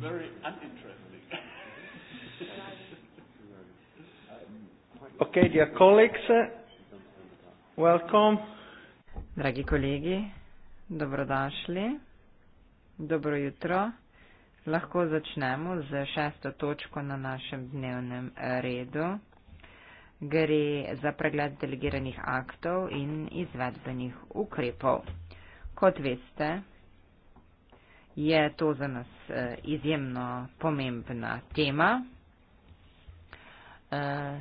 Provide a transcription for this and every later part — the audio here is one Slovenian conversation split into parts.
very uninteresting. okay, dear colleagues, welcome. Dragi kolegi, dobrodošli. Dobro jutro. Lahko začnemo z šesto točko na našem dnevnem redu. Gre za pregled delegiranih aktov in izvedbenih ukrepov. Kot veste, je to za nas eh, izjemno pomembna tema. Eh,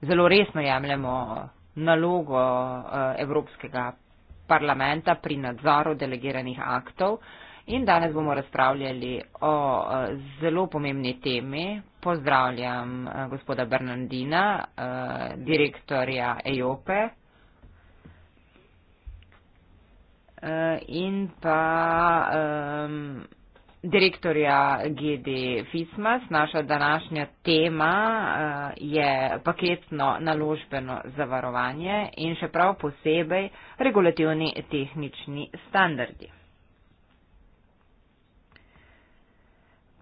zelo resno jemljemo nalogo eh, Evropskega parlamenta pri nadzoru delegiranih aktov in danes bomo razpravljali o zelo pomembni temi. Pozdravljam gospoda Bernardina, direktorja EOPE. Eh, in pa um, direktorja GD Fismas. Naša današnja tema uh, je paketno naložbeno zavarovanje in še prav posebej regulativni tehnični standardi.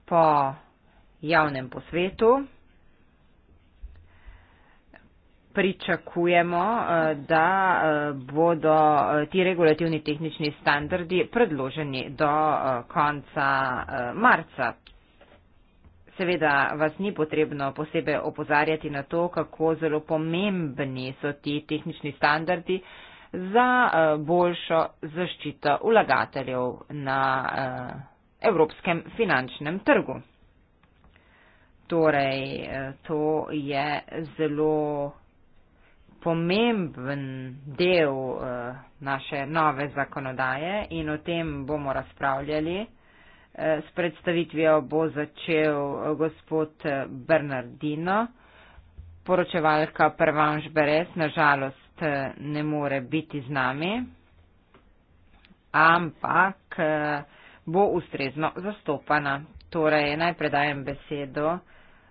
Po javnem posvetu pričakujemo, eh, da eh, bodo eh, ti regulativni tehnični standardi predloženi do konca marca. Seveda vas ni potrebno posebej opozarjati na to, kako zelo pomembni so ti tehnični standardi za boljšo zaščito vlagateljev na evropskem finančnem trgu. Torej, to je zelo pomemben del eh, naše nove zakonodaje in o tem bomo razpravljali. Eh, s predstavitvijo bo začel eh, gospod Bernardino, poročevalka Prvanž Beres, nažalost ne more biti z nami, ampak bo ustrezno zastopana. Torej, najprej dajem besedo.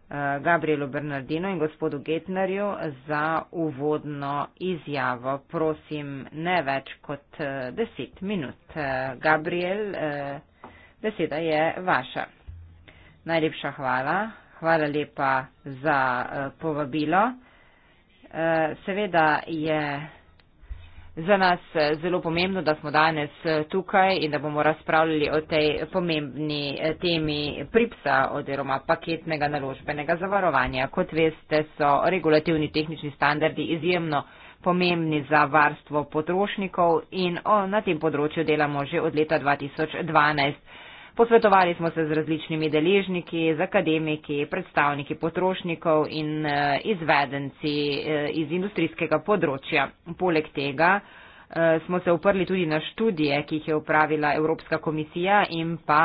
Eh, Gabrielu Bernardino in gospodu Getnerju za uvodno izjavo. Prosim, ne več kot eh, deset minut. Eh, Gabriel, beseda je vaša. Najlepša hvala. Hvala lepa za povabilo. Seveda je za nas eh, zelo pomembno, da smo danes eh, tukaj in da bomo razpravljali o tej pomembni eh, temi pripsa oziroma paketnega naložbenega zavarovanja. Kot veste, so regulativni tehnični standardi izjemno pomembni za varstvo potrošnikov in o, na tem področju delamo že od leta 2012. Posvetovali smo se z različnimi deležniki, z akademiki, predstavniki potrošnikov in eh, izvedenci eh, iz industrijskega področja. Poleg tega eh, smo se uprli tudi na študije, ki jih je upravila Evropska komisija in pa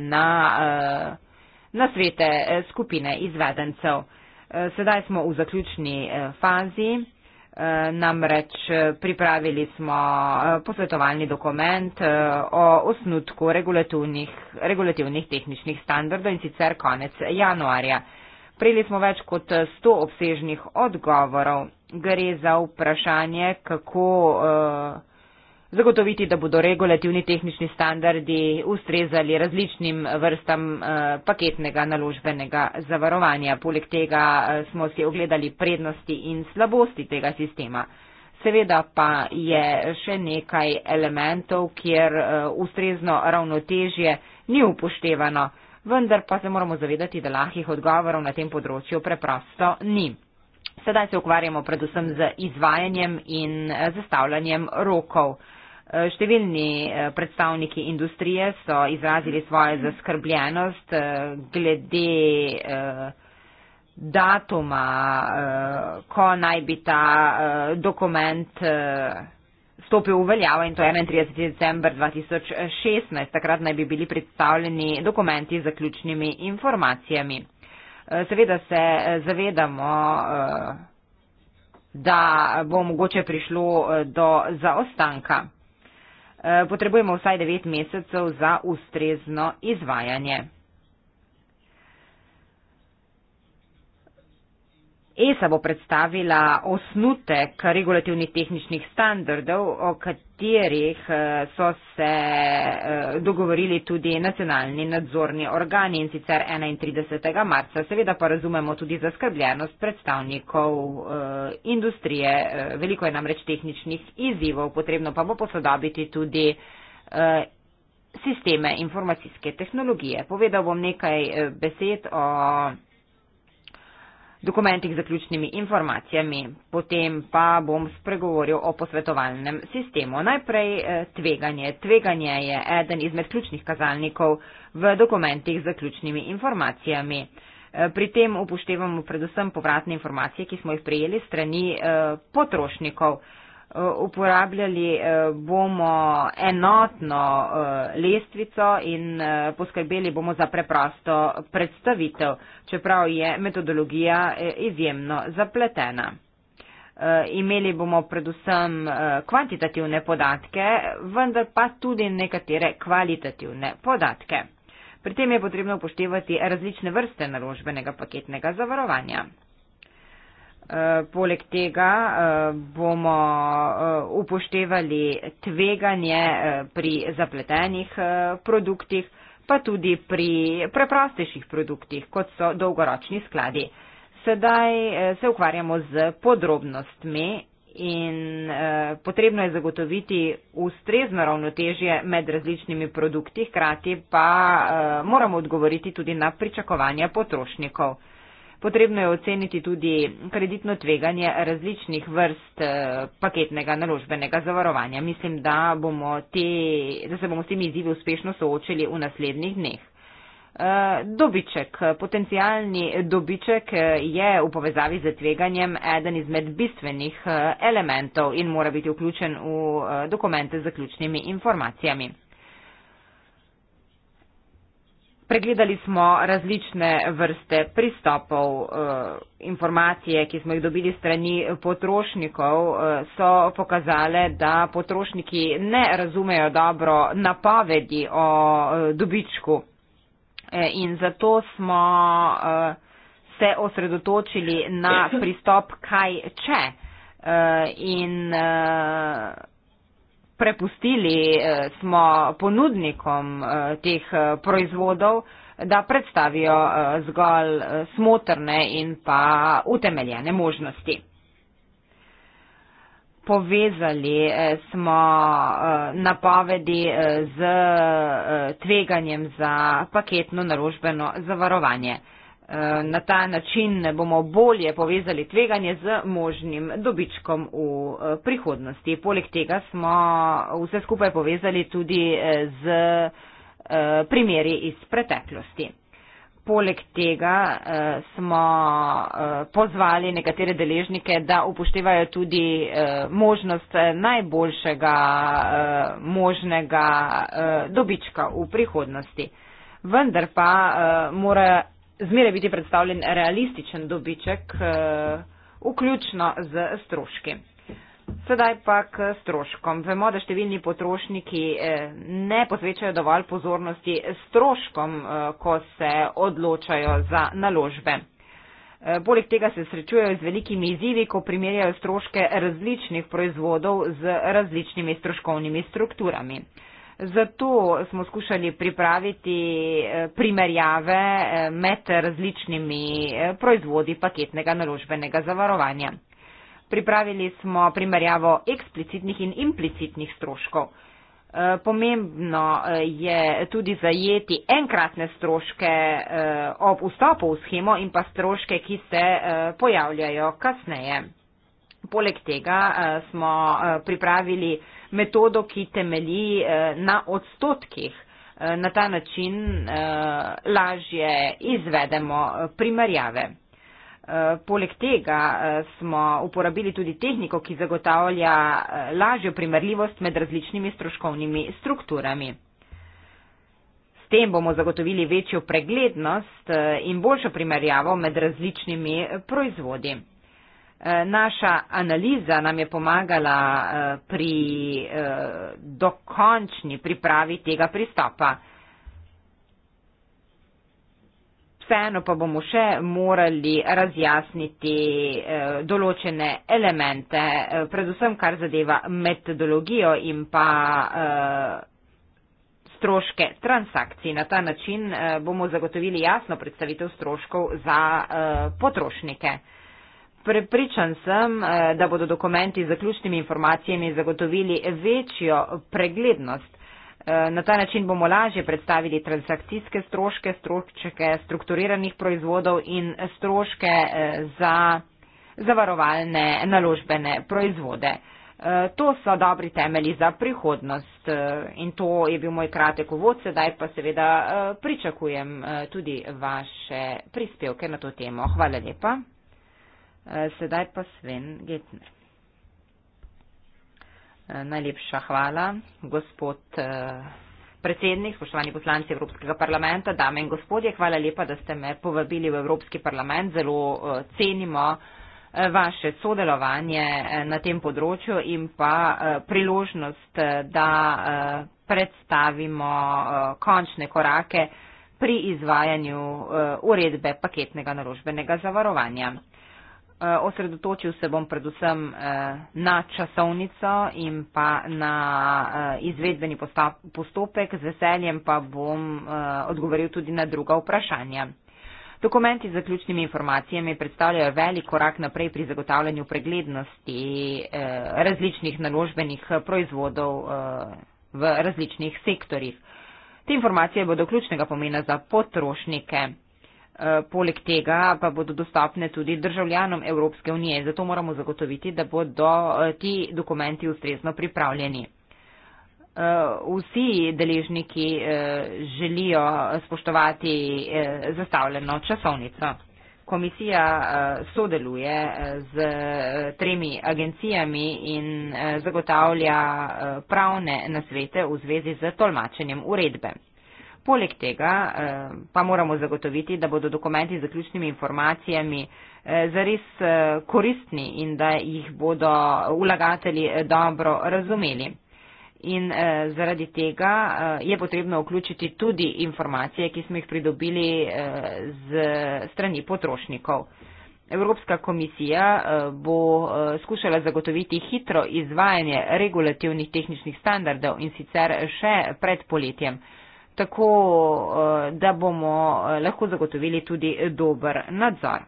na, na svete skupine izvedencev. Sedaj smo v zaključni fazi namreč eh, pripravili smo eh, posvetovalni dokument eh, o osnutku regulativnih, regulativnih tehničnih standardov in sicer konec januarja. Prejeli smo več kot 100 obsežnih odgovorov. Gre za vprašanje, kako uh, zagotoviti, da bodo regulativni tehnični standardi ustrezali različnim vrstam eh, paketnega naložbenega zavarovanja. Poleg tega eh, smo si ogledali prednosti in slabosti tega sistema. Seveda pa je še nekaj elementov, kjer eh, ustrezno ravnotežje ni upoštevano, vendar pa se moramo zavedati, da lahkih odgovorov na tem področju preprosto ni. Sedaj se ukvarjamo predvsem z izvajanjem in zastavljanjem rokov. Eh, številni eh, predstavniki industrije so izrazili svojo zaskrbljenost eh, glede datuma, ko naj bi ta dokument stopil v veljavo in to je 31. december 2016. Takrat naj bi bili predstavljeni dokumenti z zaključnimi informacijami. Seveda se zavedamo, da bo mogoče prišlo do zaostanka. Eh, potrebujemo vsaj devet mesecev za ustrezno izvajanje. ESA bo predstavila osnutek regulativnih tehničnih standardov, o katerih eh, so se eh, dogovorili tudi nacionalni nadzorni organi in sicer 31. marca. Seveda pa razumemo tudi zaskrbljenost predstavnikov eh, industrije. Veliko je namreč tehničnih izzivov, potrebno pa bo posodobiti tudi sisteme informacijske tehnologije. Povedal bom nekaj besed o dokumentih z zaključnimi informacijami. Potem pa bom spregovoril o posvetovalnem sistemu. Najprej eh, tveganje. Tveganje je eden izmed ključnih kazalnikov v dokumentih z zaključnimi informacijami. Eh, pri tem upoštevamo predvsem povratne informacije, ki smo jih prejeli strani eh, potrošnikov. Eh, uporabljali eh, bomo enotno eh, lestvico in poskrbeli bomo za preprosto predstavitev, čeprav je metodologija izjemno zapletena. Imeli bomo predvsem kvantitativne podatke, vendar pa tudi nekatere kvalitativne podatke. Pri tem je potrebno upoštevati različne vrste naložbenega paketnega zavarovanja. Eh, poleg tega eh, bomo eh, upoštevali tveganje pri zapletenih produktih, pa tudi pri preprostejših produktih, kot so dolgoročni skladi. Sedaj se ukvarjamo z podrobnostmi in potrebno je zagotoviti ustrezno ravnotežje med različnimi produkti, hkrati pa moramo odgovoriti tudi na pričakovanja potrošnikov. Potrebno je oceniti tudi kreditno tveganje različnih vrst eh, paketnega naložbenega zavarovanja. Mislim, da, te, da se bomo s temi izzivi uspešno soočili v naslednjih dneh. Eh, dobiček, potencijalni dobiček eh, je v povezavi z tveganjem eden izmed bistvenih elementov in mora biti vključen v dokumente z zaključnimi informacijami. Pregledali smo različne vrste pristopov, eh, informacije, ki smo jih dobili strani potrošnikov, eh, so pokazale, da potrošniki ne razumejo dobro napovedi o eh, dobičku. E, in zato smo se osredotočili na pristop kaj če. E, in prepustili eh, smo ponudnikom eh, teh eh, proizvodov, da predstavijo zgolj smotrne in pa utemeljene možnosti. Povezali smo napovedi z tveganjem za paketno naložbeno zavarovanje. Eh, na ta način bomo bolje povezali tveganje z možnim dobičkom v eh, prihodnosti. Poleg tega smo vse skupaj povezali tudi eh, z primeri iz preteklosti. Poleg tega smo pozvali nekatere deležnike, da upoštevajo tudi možnost najboljšega možnega dobička v prihodnosti. Vendar pa morajo zmeraj biti predstavljen realističen dobiček, eh, vključno z stroški. Sedaj pa k stroškom. Vemo, da številni potrošniki eh, ne posvečajo dovolj pozornosti stroškom, eh, ko se odločajo za naložbe. Poleg tega se srečujejo z velikimi izzivi, ko primerjajo stroške različnih proizvodov z različnimi stroškovnimi strukturami. Zato smo skušali pripraviti eh, primerjave eh, med različnimi eh, proizvodi paketnega naložbenega zavarovanja. Pripravili smo primerjavo eksplicitnih in implicitnih stroškov. Pomembno je tudi zajeti enkratne stroške ob vstopu v schemo in pa stroške, ki se pojavljajo kasneje. Poleg tega smo pripravili metodo, ki temelji eh, na odstotkih. Eh, na ta način eh, lažje izvedemo primerjave. Poleg tega smo uporabili tudi tehniko, ki zagotavlja lažjo primerljivost med različnimi stroškovnimi strukturami. S tem bomo zagotovili večjo preglednost in boljšo primerjavo med različnimi proizvodi. Eh, naša analiza nam je pomagala eh, pri eh, dokončni pripravi tega pristopa. Vseeno pa bomo še morali razjasniti določene elemente, predvsem kar zadeva metodologijo in pa stroške transakcij. Na ta način bomo zagotovili jasno predstavitev stroškov za potrošnike. Prepričan sem, eh, da bodo dokumenti z zaključnimi informacijami zagotovili večjo preglednost. Eh, na ta način bomo lažje predstavili transakcijske stroške, stroške strukturiranih proizvodov in stroške eh, za zavarovalne naložbene proizvode. To so dobri temeli za prihodnost in to je bil moj kratek uvod, sedaj pa seveda pričakujem tudi vaše prispevke na to temo. Hvala lepa. Eh, sedaj pa Sven Getner. Eh, najlepša hvala, gospod eh, predsednik, spoštovani poslanci Evropskega parlamenta, dame in gospodje, hvala lepa, da ste me povabili v Evropski parlament. Zelo cenimo vaše sodelovanje na tem področju in pa priložnost, da predstavimo končne korake pri izvajanju uredbe paketnega naložbenega zavarovanja. Eh, osredotočil se bom predvsem eh, na časovnico in pa na eh, izvedbeni postopek, z veseljem pa bom odgovoril tudi na druga vprašanja. Dokumenti z zaključnimi informacijami predstavljajo velik korak naprej pri zagotavljanju preglednosti različnih naložbenih proizvodov v različnih sektorjih. Te informacije bodo ključnega pomena za potrošnike. Eh, poleg tega pa bodo dostopne tudi državljanom Evropske unije, zato moramo zagotoviti, da bodo eh, ti dokumenti ustrezno pripravljeni. Eh, vsi deležniki želijo spoštovati zastavljeno časovnico. Komisija sodeluje z tremi agencijami in zagotavlja pravne nasvete v zvezi z tolmačenjem uredbe. Poleg tega eh, pa moramo zagotoviti, da bodo dokumenti z zaključnimi informacijami eh, zares eh, koristni in da jih bodo vlagatelji dobro razumeli. In zaradi tega je potrebno vključiti tudi informacije, ki smo jih pridobili z strani potrošnikov. Evropska komisija bo skušala zagotoviti hitro izvajanje regulativnih tehničnih standardov in sicer še pred poletjem tako eh, da bomo eh, lahko zagotovili tudi dober nadzor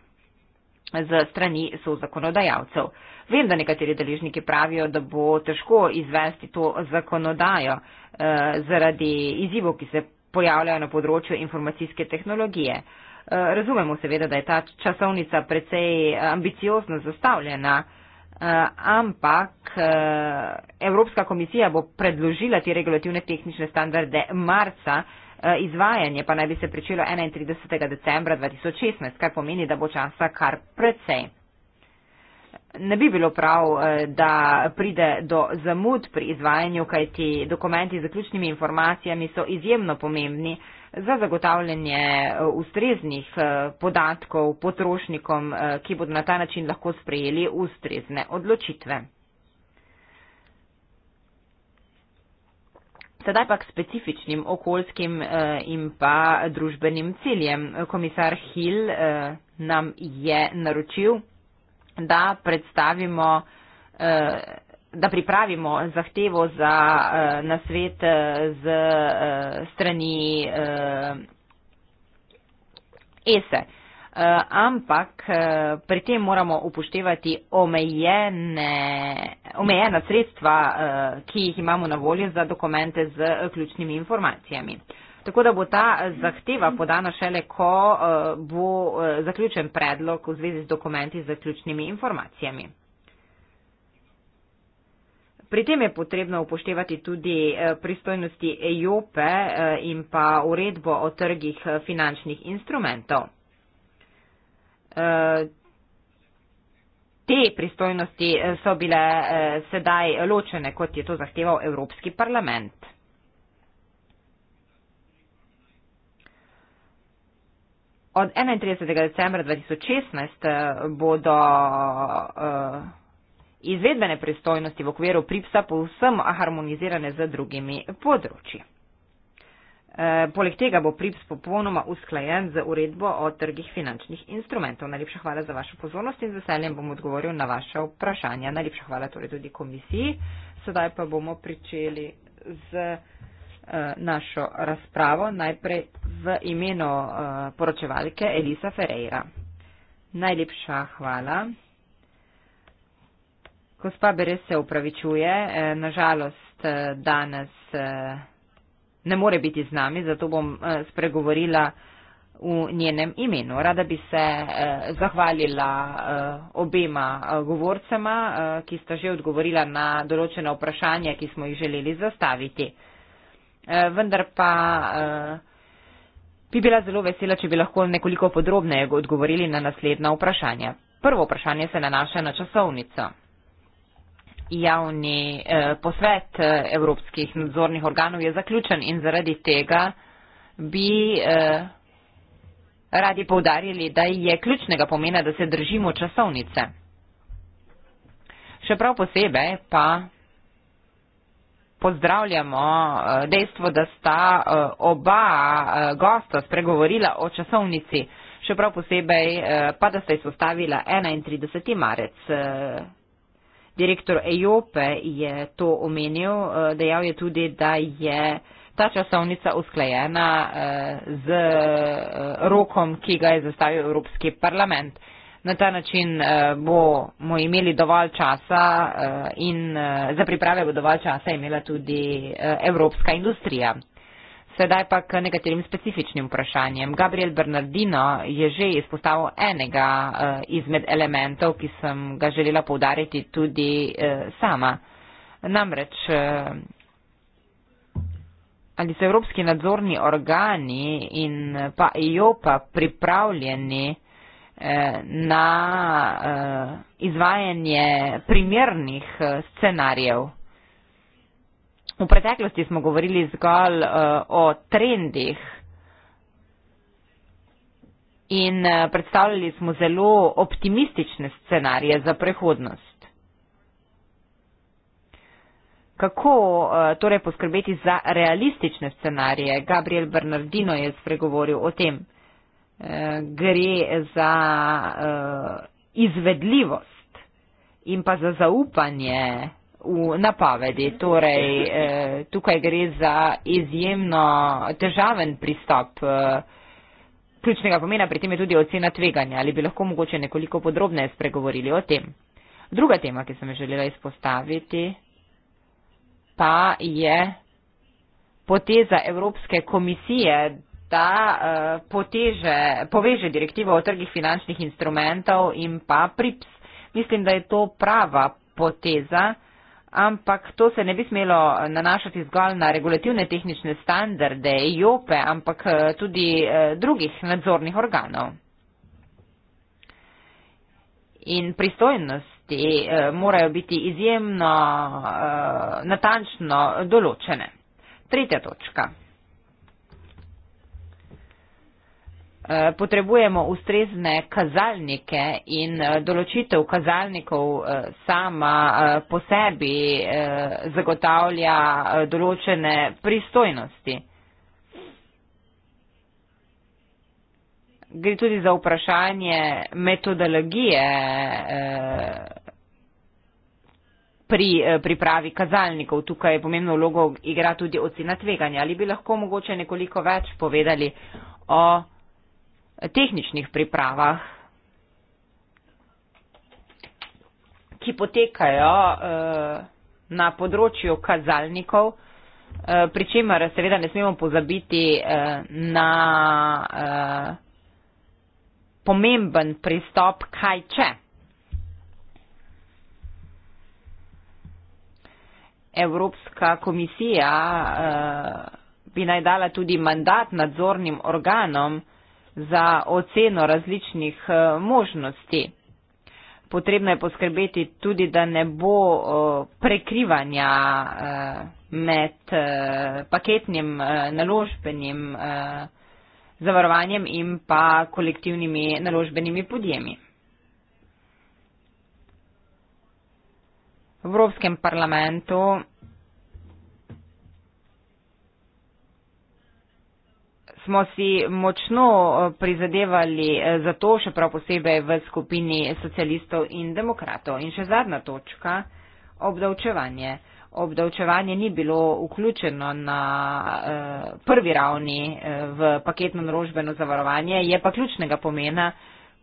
z strani sozakonodajalcev. Vem, da nekateri deležniki pravijo, da bo težko izvesti to zakonodajo eh, zaradi izzivov, ki se pojavljajo na področju informacijske tehnologije. Razumemo seveda, da je ta časovnica precej ambiciozno zastavljena. Eh, ampak eh, Evropska komisija bo predložila te regulativne tehnične standarde marca, eh, izvajanje pa naj bi se pričelo 31. decembra 2016, kar pomeni, da bo časa kar precej. Ne bi bilo prav, da pride do zamud pri izvajanju, kajti dokumenti z zaključnimi informacijami so izjemno pomembni za zagotavljanje eh, ustreznih eh, podatkov potrošnikom, eh, ki bodo na ta način lahko sprejeli ustrezne odločitve. Sedaj pa k specifičnim okoljskim in pa družbenim ciljem. Komisar Hill nam je naročil, da predstavimo da pripravimo zahtevo za uh, eh, nasvet eh, z uh, strani uh, ESE. Uh, ampak uh, pri tem moramo upoštevati omejene, omejena sredstva, uh, ki jih imamo na voljo za dokumente z uh, ključnimi informacijami. Tako da bo ta zahteva podana šele, ko uh, bo uh, zaključen predlog v zvezi z dokumenti z ključnimi informacijami. Pri tem je potrebno upoštevati tudi eh, pristojnosti EJOPE e, eh, in pa uredbo o trgih eh, finančnih instrumentov. Te pristojnosti so bile sedaj ločene, kot je to zahteval Evropski parlament. Od 31. decembra 2016 bodo izvedbene pristojnosti v okviru PRIPS-a povsem harmonizirane z drugimi področji. Eh, poleg tega bo PRIPS popolnoma usklajen z uredbo o trgih finančnih instrumentov. Najlepša hvala za vašo pozornost in z veseljem bom odgovoril na vaše vprašanja. Najlepša hvala torej tudi komisiji. Sedaj pa bomo pričeli z eh, našo razpravo. Najprej v imenu eh, poročevalke Elisa Ferreira. Najlepša hvala. Gospa Beres se upravičuje, eh, nažalost eh, danes eh, ne more biti z nami, zato bom spregovorila v njenem imenu. Rada bi se zahvalila obema govorcema, ki sta že odgovorila na določena vprašanja, ki smo jih želeli zastaviti. Vendar pa bi bila zelo vesela, če bi lahko nekoliko podrobneje odgovorili na naslednja vprašanja. Prvo vprašanje se nanaša na časovnico javni eh, posvet eh, evropskih nadzornih organov je zaključen in zaradi tega bi eh, radi povdarjali, da je ključnega pomena, da se držimo časovnice. Še prav posebej pa pozdravljamo eh, dejstvo, da sta eh, oba eh, gosta spregovorila o časovnici, še prav posebej eh, pa da sta izpostavila 31. marec. Eh, Direktor EJOPE je to omenil, eh, dejal je tudi, da je ta časovnica usklajena eh, z eh, rokom, ki ga je zastavil Evropski parlament. Na ta način bomo imeli dovolj časa in za priprave bo dovolj časa imela tudi evropska industrija. Sedaj pa k nekaterim specifičnim vprašanjem. Gabriel Bernardino je že izpostavil enega eh, izmed elementov, ki sem ga želela povdariti tudi eh, sama. Namreč, eh, ali so evropski nadzorni organi in pa EOPA pripravljeni na izvajanje primernih scenarijev? V preteklosti smo govorili zgolj uh, o trendih in uh, predstavljali smo zelo optimistične scenarije za prihodnost. Kako uh, torej poskrbeti za realistične scenarije? Gabriel Bernardino je spregovoril o tem. Uh, gre za uh, izvedljivost in pa za zaupanje v napovedi. Torej, eh, tukaj gre za izjemno težaven pristop. Eh, ključnega pomena pri tem je tudi ocena tveganja. Ali bi lahko mogoče nekoliko podrobneje spregovorili o tem? Druga tema, ki sem želela izpostaviti, pa je poteza Evropske komisije, da eh, poteže, poveže direktivo o trgih finančnih instrumentov in pa PRIPS. Mislim, da je to prava poteza ampak to se ne bi smelo nanašati zgolj na regulativne tehnične standarde IOPE, ampak eh, tudi eh, drugih nadzornih organov. In pristojnosti eh, morajo biti izjemno natančno določene. Tretja točka. Eh, potrebujemo ustrezne kazalnike in eh, določitev kazalnikov eh, sama po sebi zagotavlja določene pristojnosti. Gre tudi za vprašanje metodologije pri pripravi kazalnikov. Tukaj je pomembno vlogo igra tudi ocena tveganja. Ali bi lahko mogoče nekoliko več povedali o tehničnih pripravah, ki potekajo eh, na področju kazalnikov, eh, pri čemer seveda ne smemo pozabiti eh, na pomemben pristop, kaj če. Evropska komisija eh, bi naj dala tudi mandat nadzornim organom eh, za oceno različnih eh, možnosti. Potrebno je poskrbeti tudi, da ne bo eh, prekrivanja eh, med paketnim naložbenim zavarovanjem in pa kolektivnimi naložbenimi podjemi. V Evropskem parlamentu smo si močno eh, prizadevali eh, za to, še prav posebej v skupini socialistov in demokratov. In še zadnja točka, obdavčevanje. Obdavčevanje ni bilo vključeno na eh, prvi ravni eh, v paketno naložbeno zavarovanje, je pa ključnega pomena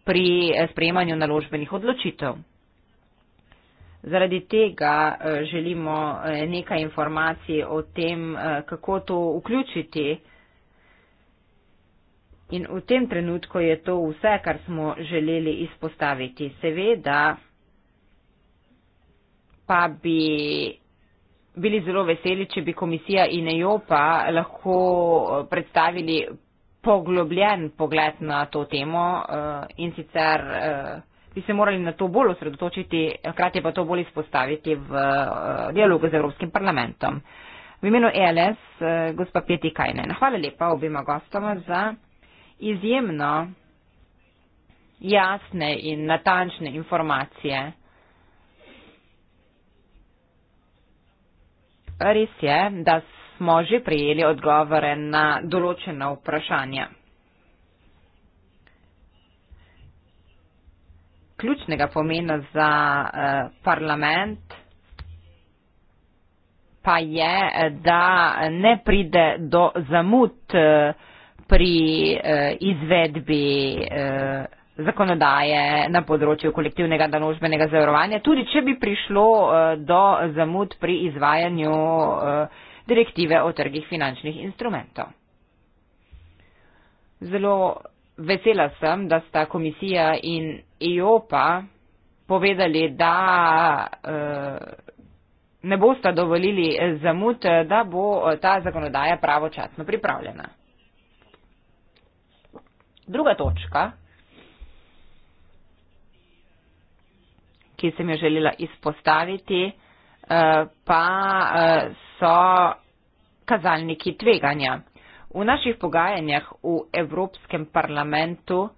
pri eh, sprejemanju naložbenih odločitev. Zaradi tega eh, želimo eh, nekaj informacij o tem, eh, kako to vključiti eh, In v tem trenutku je to vse, kar smo želeli izpostaviti. Seveda pa bi bili zelo veseli, če bi komisija in EOPA lahko eh, predstavili poglobljen pogled na to temo eh, in sicer eh, bi se morali na to bolj osredotočiti, hkrati pa to bolj izpostaviti v dialogu z Evropskim parlamentom. V imenu ELS, gospa Peti Kajnen, hvala lepa obima gostoma za izjemno jasne in natančne informacije. Res je, da smo že prijeli odgovore na določena vprašanja. Ključnega pomena za eh, parlament pa je, da ne pride do zamud eh, pri eh, izvedbi eh, zakonodaje na področju kolektivnega naložbenega zavarovanja, tudi če bi prišlo eh, do zamud pri izvajanju eh, direktive o trgih finančnih instrumentov. Zelo vesela sem, da sta komisija in EOPA povedali, da eh, ne bosta dovolili eh, zamud, eh, da bo eh, ta zakonodaja pravočasno pripravljena. Druga točka, ki sem jo želela izpostaviti, eh, pa eh, so kazalniki tveganja. V naših pogajanjah v Evropskem parlamentu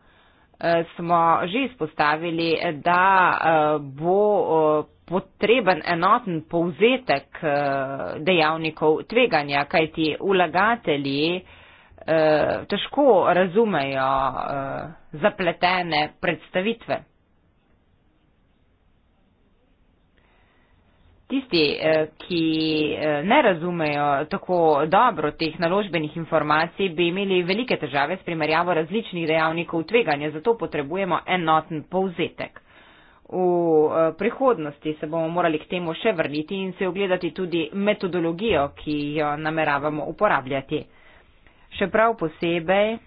eh, smo že izpostavili, da bo potreben enoten povzetek dejavnikov tveganja, kajti vlagatelji Eh, težko razumejo uh, zapletene predstavitve. Tisti, eh, ki ne razumejo tako dobro teh naložbenih informacij, bi imeli velike težave s primerjavo različnih dejavnikov tveganja, zato potrebujemo enoten povzetek. V prihodnosti se bomo morali k temu še vrniti in se ogledati tudi metodologijo, ki jo nameravamo uporabljati še prav posebej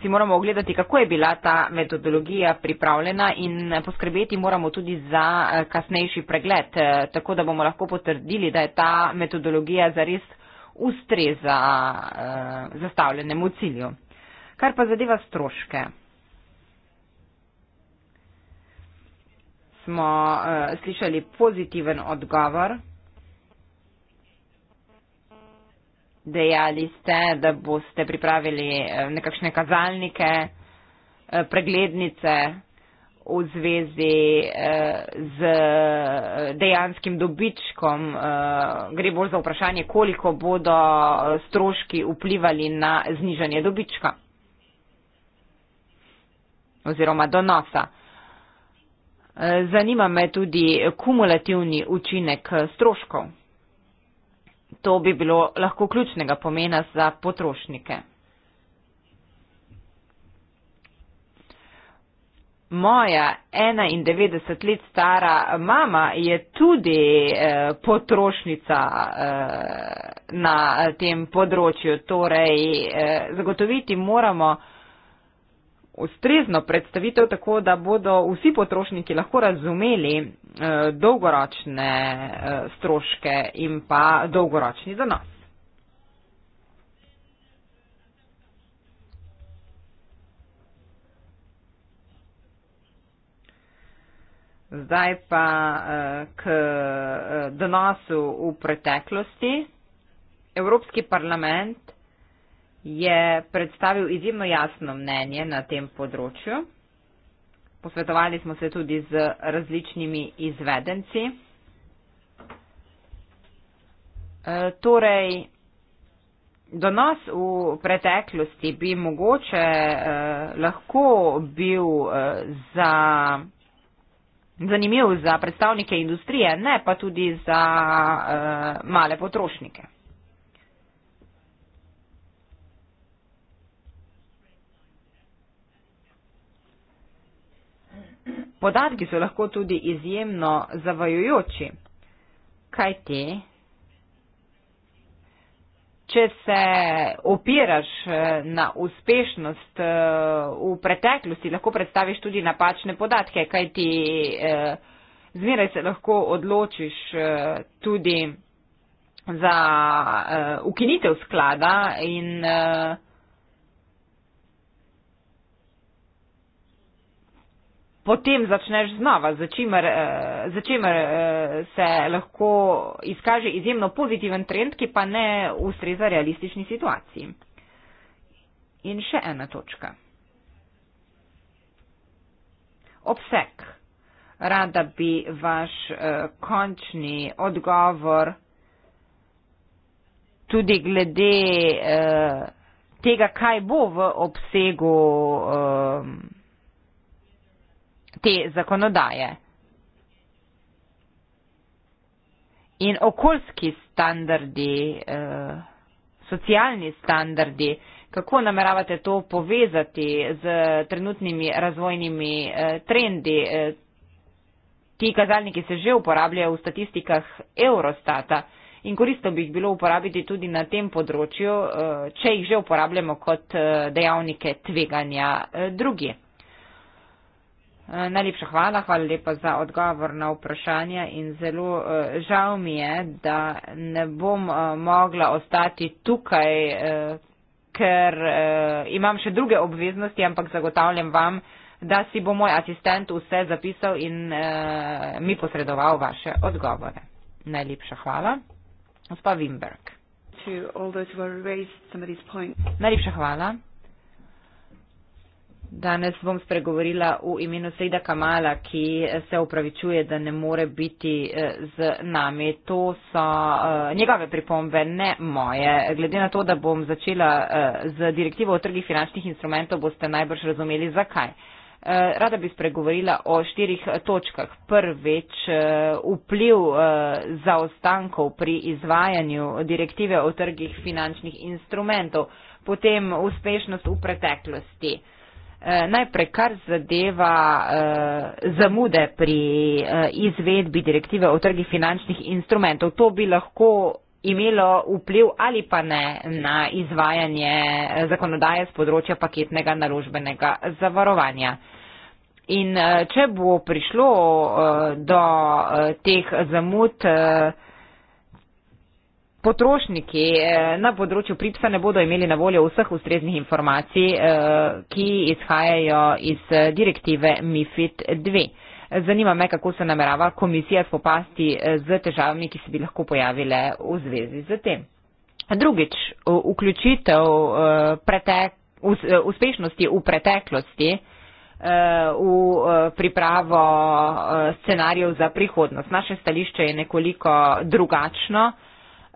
si moramo ogledati, kako je bila ta metodologija pripravljena in poskrbeti moramo tudi za eh, kasnejši pregled, eh, tako da bomo lahko potrdili, da je ta metodologija zares ustreza eh, zastavljenemu cilju. Kar pa zadeva stroške. Smo uh, slišali pozitiven odgovor. Dejali ste, da boste pripravili eh, nekakšne kazalnike, eh, preglednice v zvezi eh, z dejanskim dobičkom. Gre bolj za vprašanje, koliko bodo stroški vplivali na znižanje dobička oziroma donosa. Zanima me tudi kumulativni učinek stroškov to bi bilo lahko ključnega pomena za potrošnike. Moja 91 let stara mama je tudi eh, potrošnica eh, na tem področju, torej eh, zagotoviti moramo, ustrezno predstavitev, tako da bodo vsi potrošniki lahko razumeli eh, dolgoročne eh, stroške in pa dolgoročni donos. Zdaj pa eh, k donosu v preteklosti. Evropski parlament je predstavil izjemno jasno mnenje na tem področju. Posvetovali smo se tudi z različnimi izvedenci. E, torej, donos v preteklosti bi mogoče e, lahko bil e, za, zanimiv za predstavnike industrije, ne pa tudi za e, male potrošnike. Podatki so lahko tudi izjemno zavajojoči. Kaj ti? Če se opiraš eh, na uspešnost eh, v preteklosti, lahko predstaviš tudi napačne podatke, kaj ti eh, zmeraj se lahko odločiš tudi za ukinitev sklada in potem začneš znova, za čimer eh, eh, se lahko izkaže izjemno pozitiven trend, ki pa ne ustreza realistični situaciji. In še ena točka. Obseg. Rada bi vaš eh, končni odgovor tudi glede tega, kaj bo v obsegu um, te zakonodaje. In okoljski standardi, eh, socialni standardi, kako nameravate to povezati z trenutnimi razvojnimi eh, trendi? Eh, ti kazalniki se že uporabljajo v statistikah Eurostata in koristno bi jih bilo uporabiti tudi na tem področju, eh, če jih že uporabljamo kot eh, dejavnike tveganja eh, drugih. Eh, najlepša hvala, hvala lepa za odgovor na vprašanje in zelo eh, žal mi je, da ne bom eh, mogla ostati tukaj, ker imam še druge obveznosti, ampak zagotavljam vam, da si bo moj asistent vse zapisal in mi posredoval vaše odgovore. Najlepša hvala. Gospa Wimberg. Najlepša hvala. Danes bom spregovorila v imenu Seida Kamala, ki se upravičuje, da ne more biti eh, z nami. To so eh, njegove pripombe, ne moje. Glede na to, da bom začela eh, z direktivo o trgih finančnih instrumentov, boste najbrž razumeli, zakaj. Rada bi spregovorila o štirih točkah. Prvič, vpliv zaostankov pri izvajanju direktive o trgih finančnih instrumentov, potem uspešnost v preteklosti. Eh, najprej kar zadeva eh, zamude pri eh, izvedbi direktive o trgih finančnih instrumentov. To bi lahko imelo vpliv ali pa ne na izvajanje zakonodaje z področja paketnega naložbenega zavarovanja. In če bo prišlo do teh zamud, Potrošniki eh, na področju pripsa ne bodo imeli na voljo vseh ustreznih informacij, eh, ki izhajajo iz eh, direktive MIFID 2. Zanima me, kako se namerava komisija spopasti z težavami, ki se bi lahko pojavile v zvezi z tem. Drugič, vključitev pretek, uspešnosti v preteklosti v pripravo scenarijev za prihodnost. Naše stališče je nekoliko drugačno.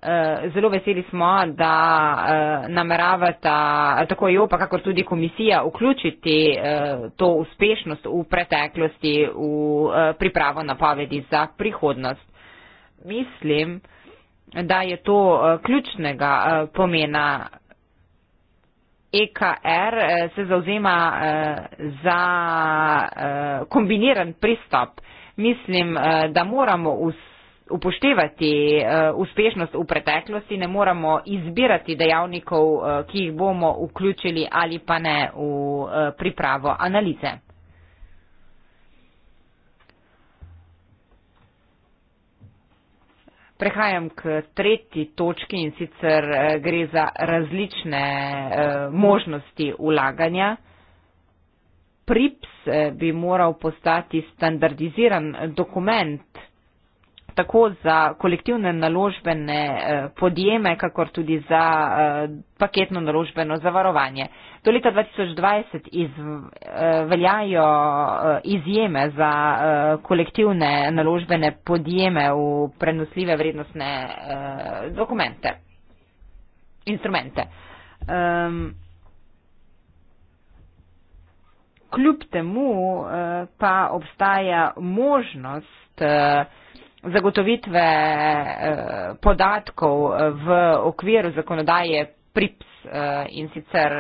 Eh, zelo veseli smo, da eh, nameravata tako jo, pa kakor tudi komisija, vključiti eh, to uspešnost v preteklosti v pripravo napovedi za prihodnost. Mislim, da je to ključnega pomena. EKR se zauzema za kombiniran pristop. Mislim, da moramo vse upoštevati uh, uspešnost v preteklosti, ne moramo izbirati dejavnikov, uh, ki jih bomo vključili ali pa ne v uh, pripravo analize. Prehajam k tretji točki in sicer gre za različne možnosti ulaganja. PRIPS bi moral postati standardiziran dokument, tako za kolektivne naložbene eh, podjeme, kakor tudi za eh, paketno naložbeno zavarovanje. Do leta 2020 iz, eh, veljajo izjeme za kolektivne naložbene podjeme v prenosljive vrednostne dokumente, instrumente. Um, Kljub temu pa obstaja možnost uh, zagotovitve eh, podatkov eh, v okviru zakonodaje PRIPS eh, in sicer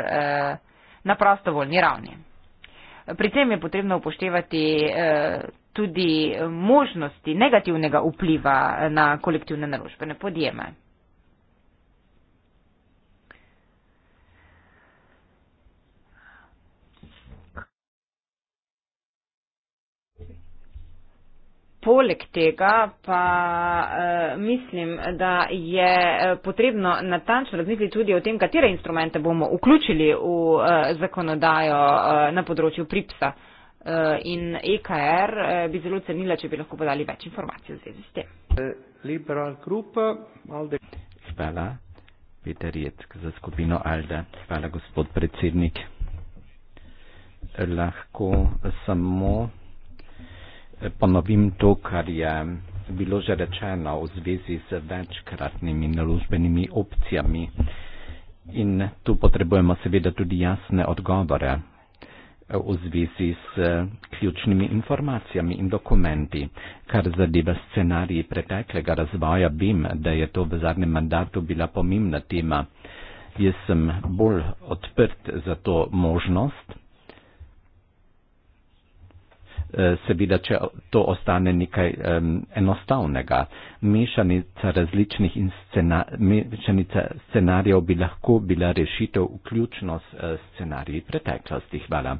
na prostovoljni ravni. Pri tem je potrebno upoštevati tudi možnosti negativnega vpliva na kolektivne naložbene podjeme. Poleg tega pa uh, mislim, da je eh, potrebno natančno razmisliti tudi o tem, katere instrumente bomo vključili v uh, zakonodajo uh, na področju PRIPSA uh, in EKR uh, bi zelo cenila, če bi lahko podali več informacij v zvezi s tem. Liberal Group, Alde. Hvala, Peter Jeck za skupino Alde. Hvala, gospod predsednik. Lahko samo ponovim to, kar je bilo že rečeno v zvezi z večkratnimi naložbenimi opcijami. In tu potrebujemo seveda tudi jasne odgovore v zvezi s ključnimi informacijami in dokumenti, kar zadeva scenariji preteklega razvoja. Vem, da je to v zadnjem mandatu bila pomembna tema. Jaz sem bolj odprt za to možnost seveda, če to ostane nekaj um, enostavnega. Mešanica različnih scena, scenarijev bi lahko bila rešitev vključno s eh, scenariji preteklosti. Hvala.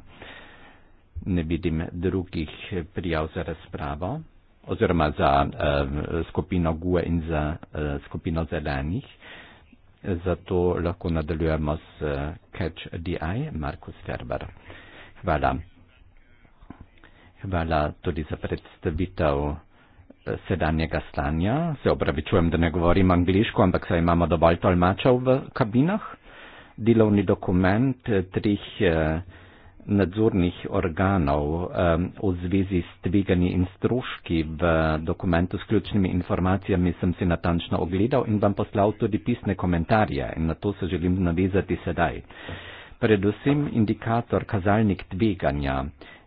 Ne vidim drugih prijav za razpravo oziroma za uh, skupino GUE in za uh, skupino zelenih. Zato lahko nadaljujemo s uh, Catch DI, Markus Ferber. Hvala. Hvala tudi za predstavitev eh, sedanjega stanja. Se opravičujem, da ne govorim angliško, ampak saj imamo dovolj tolmačev v kabinah. Delovni dokument eh, trih eh, nadzornih organov um, v zvezi s tvigani in stroški v dokumentu s ključnimi informacijami sem si natančno ogledal in vam poslal tudi pisne komentarje in na to se želim navezati sedaj. Predvsem indikator kazalnik tveganja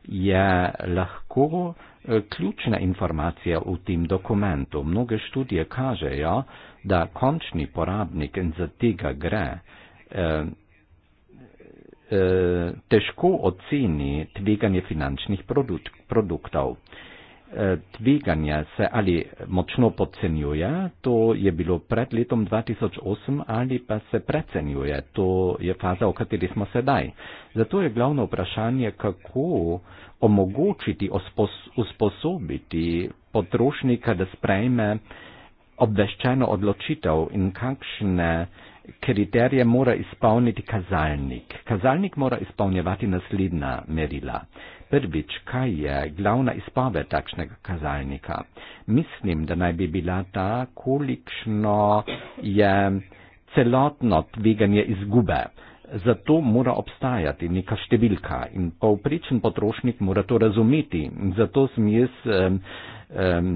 je lahko eh, ključna informacija v tem dokumentu. Mnoge študije kažejo, da končni porabnik in za tega gre, eh, eh, težko oceni tveganje finančnih produktov tveganja se ali močno podcenjuje, to je bilo pred letom 2008 ali pa se precenjuje, to je faza, o kateri smo sedaj. Zato je glavno vprašanje, kako omogočiti, usposobiti potrošnika, da sprejme obveščeno odločitev in kakšne kriterije mora izpolniti kazalnik. Kazalnik mora izpolnjevati naslednja merila prvič, kaj je glavna izpoved takšnega kazalnika. Mislim, da naj bi bila ta, kolikšno je celotno tveganje izgube. Zato mora obstajati neka številka in povprečen potrošnik mora to razumeti. Zato sem jaz. Um, um,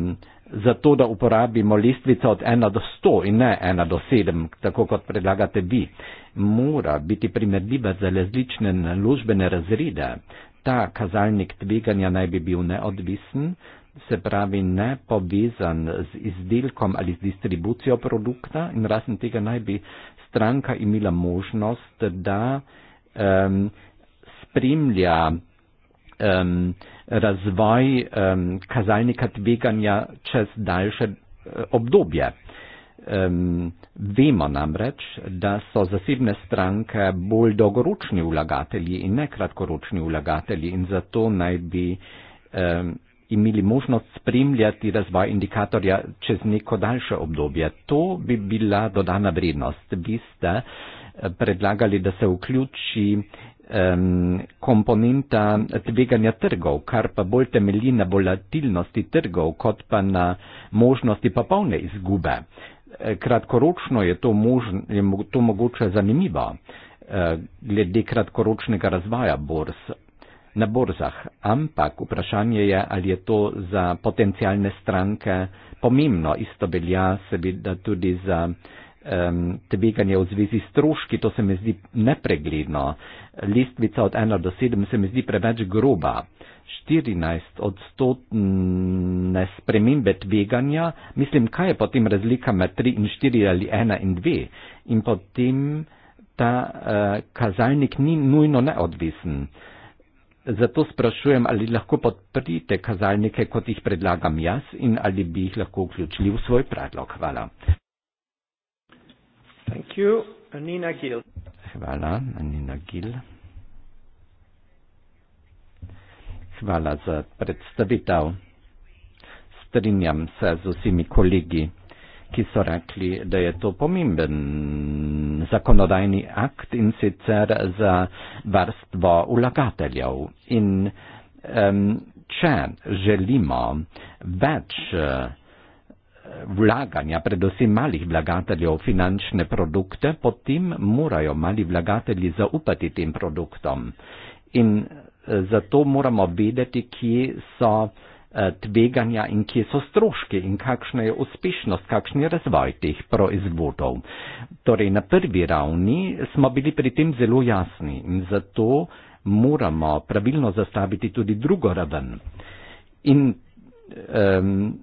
Zato, da uporabimo listvico od 1 do 100 in ne 1 do 7, tako kot predlagate vi, mora biti primerljiva za različne naložbene razrede ta kazalnik tveganja naj bi bil neodvisen, se pravi ne povezan z izdelkom ali z distribucijo produkta in razen tega naj bi stranka imela možnost, da um, spremlja um, razvoj um, kazalnika tveganja čez daljše uh, obdobje. Um, vemo namreč, da so zasebne stranke bolj dolgoročni vlagatelji in ne kratkoročni vlagatelji in zato naj bi um, imeli možnost spremljati razvoj indikatorja čez neko daljše obdobje. To bi bila dodana vrednost. Vi ste eh, predlagali, da se vključi um, komponenta tveganja trgov, kar pa bolj temelji na volatilnosti trgov, kot pa na možnosti popolne izgube. Eh, kratkoročno je to, možn, je to mogoče zanimivo eh, glede kratkoročnega razvoja borz na borzah, ampak vprašanje je, ali je to za potencijalne stranke pomembno. Isto velja seveda tudi za uh, um, tveganje v zvezi s stroški, to se mi zdi nepregledno. Lestvica od 1 do 7 se mi zdi preveč groba. 14 odstotne spremembe tveganja, mislim, kaj je potem razlika med 3 in 4 ali 1 in 2. In potem ta uh, kazalnik ni nujno neodvisen. Zato sprašujem, ali lahko podprite kazalnike, kot jih predlagam jaz in ali bi jih lahko vključili v svoj predlog. Hvala. Thank you. Nina Gill. Hvala. Nina Gill. Hvala za predstavitev. Strinjam se z vsemi kolegi, ki so rekli, da je to pomemben zakonodajni akt in sicer za varstvo vlagateljev. In, če želimo več vlaganja, predvsem malih vlagateljev, finančne produkte, potem morajo mali vlagatelji zaupati tem produktom. In eh, zato moramo vedeti, kje so eh, tveganja in kje so stroški in kakšna je uspešnost, kakšen je razvoj teh proizvodov. Torej, na prvi ravni smo bili pri tem zelo jasni in zato moramo pravilno zastaviti tudi drugo raven. In, um,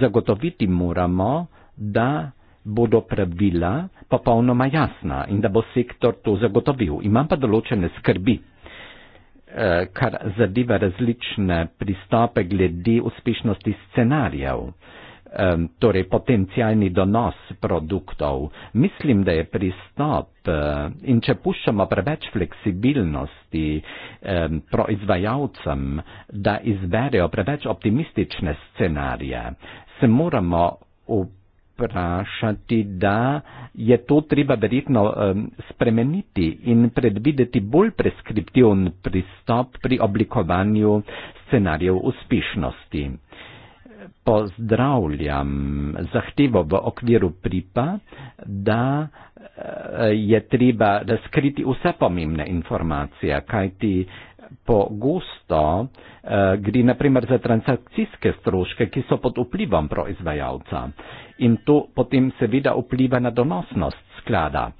zagotoviti moramo, da bodo pravila popolnoma jasna in da bo sektor to zagotovil. Imam pa določene skrbi, eh, kar zadeva različne pristope glede uspešnosti scenarijev torej potencijalni donos produktov. Mislim, da je pristop eh, in če puščamo preveč fleksibilnosti proizvajalcem, da izberejo preveč optimistične scenarije, se moramo vprašati, da je to treba verjetno spremeniti in predvideti bolj preskriptivn pristop pri oblikovanju scenarijev uspešnosti pozdravljam zahtevo v okviru pripa, da eh, je treba razkriti vse pomembne informacije, kajti pogosto eh, gre naprimer za transakcijske stroške, ki so pod vplivom proizvajalca in to potem seveda vpliva na donosnost sklada.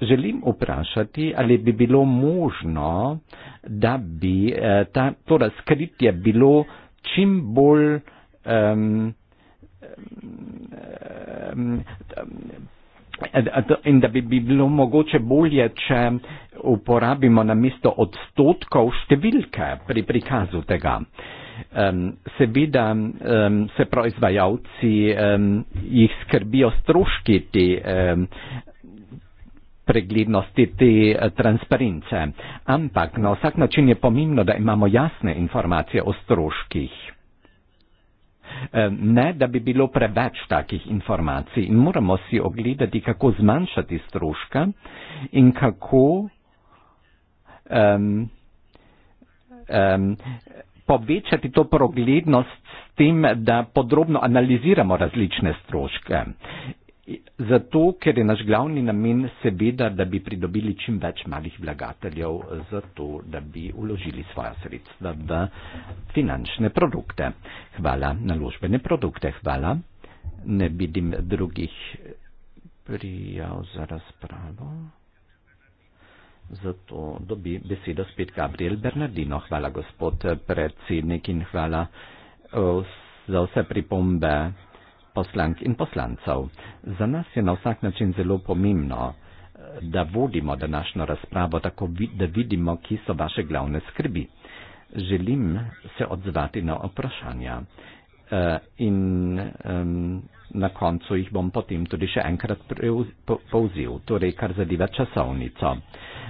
Želim vprašati, ali bi bilo možno, da bi eh, ta, to razkritje bilo čim bolj um, um, In da bi, bi bilo mogoče bolje, če uporabimo na mesto odstotkov številke pri prikazu tega. Um, Seveda um, se proizvajalci um, jih skrbijo stroški te um, preglednosti, te uh, transparence. Ampak na vsak način je pomembno, da imamo jasne informacije o stroških. Ne, da bi bilo preveč takih informacij in moramo si ogledati, kako zmanjšati stroške in kako um, um, povečati to proglednost s tem, da podrobno analiziramo različne stroške. Zato, ker je naš glavni namen seveda, da bi pridobili čim več malih vlagateljev, zato, da bi uložili svoja sredstva v finančne produkte. Hvala na ložbene produkte, hvala. Ne vidim drugih prijav za razpravo. Zato dobi besedo spet Gabriel Bernardino. Hvala, gospod predsednik, in hvala eh, za vse pripombe poslank in poslancev. Za nas je na vsak način zelo pomembno, da vodimo današnjo razpravo tako, da vidimo, ki so vaše glavne skrbi. Želim se odzvati na vprašanja eh, in na koncu jih bom potem tudi še enkrat povzil, torej kar zadeva časovnico.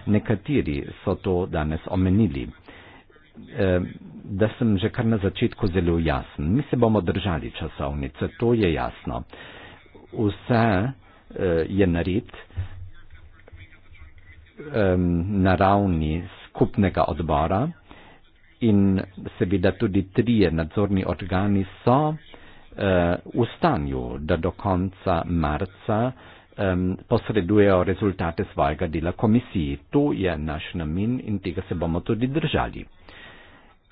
Nekateri so to danes omenili. Eh, da sem že kar na začetku zelo jasen. Mi se bomo držali časovnice, to je jasno. Vse eh, je nared na ravni skupnega odbora in seveda tudi trije nadzorni organi so eh, v stanju, da do konca marca posredujejo rezultate svojega dela komisiji. To je naš namen in tega se bomo tudi držali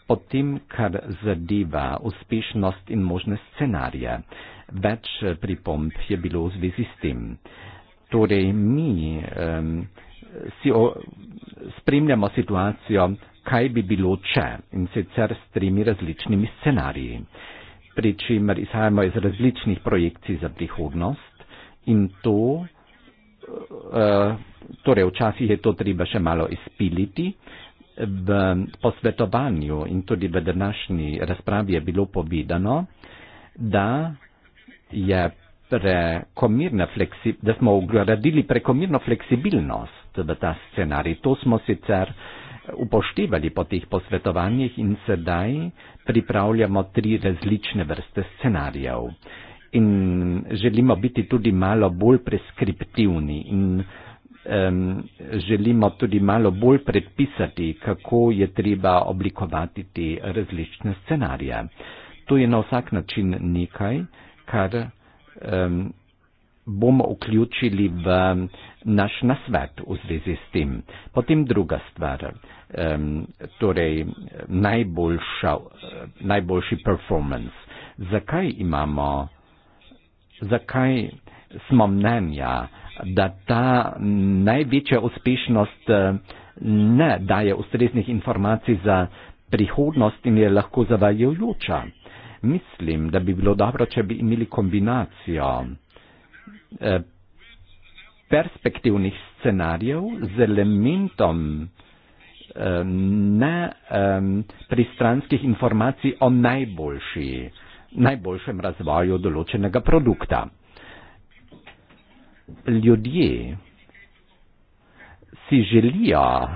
potem, kar zadeva uspešnost in možne scenarije. Več eh, pripomb je bilo v zvezi s tem. Torej, mi um, si o, spremljamo situacijo, kaj bi bilo če in sicer s tremi različnimi scenariji, pri čemer izhajamo iz različnih projekcij za prihodnost in to, uh, torej včasih je to treba še malo izpiliti, uh, v posvetovanju in tudi v današnji razpravi je bilo povedano, da je prekomirna fleksibilnost, da smo ugradili prekomirno fleksibilnost v ta scenarij. To smo sicer upoštevali po teh posvetovanjih in sedaj pripravljamo tri različne vrste scenarijev. In želimo biti tudi malo bolj preskriptivni in um, želimo tudi malo bolj predpisati, kako je treba oblikovati te različne scenarije. To je na vsak način nekaj, kar um, bomo vključili v naš nasvet v zvezi s tem. Potem druga stvar, um, torej najboljša, najboljši performance. Zakaj imamo, zakaj smo mnenja, da ta največja uspešnost eh, ne daje ustreznih informacij za prihodnost in je lahko zavajajoča. Mislim, da bi bilo dobro, če bi imeli kombinacijo eh, perspektivnih scenarijev z elementom eh, ne pristranskih informacij o najboljši, najboljšem razvoju določenega produkta ljudje si želijo uh,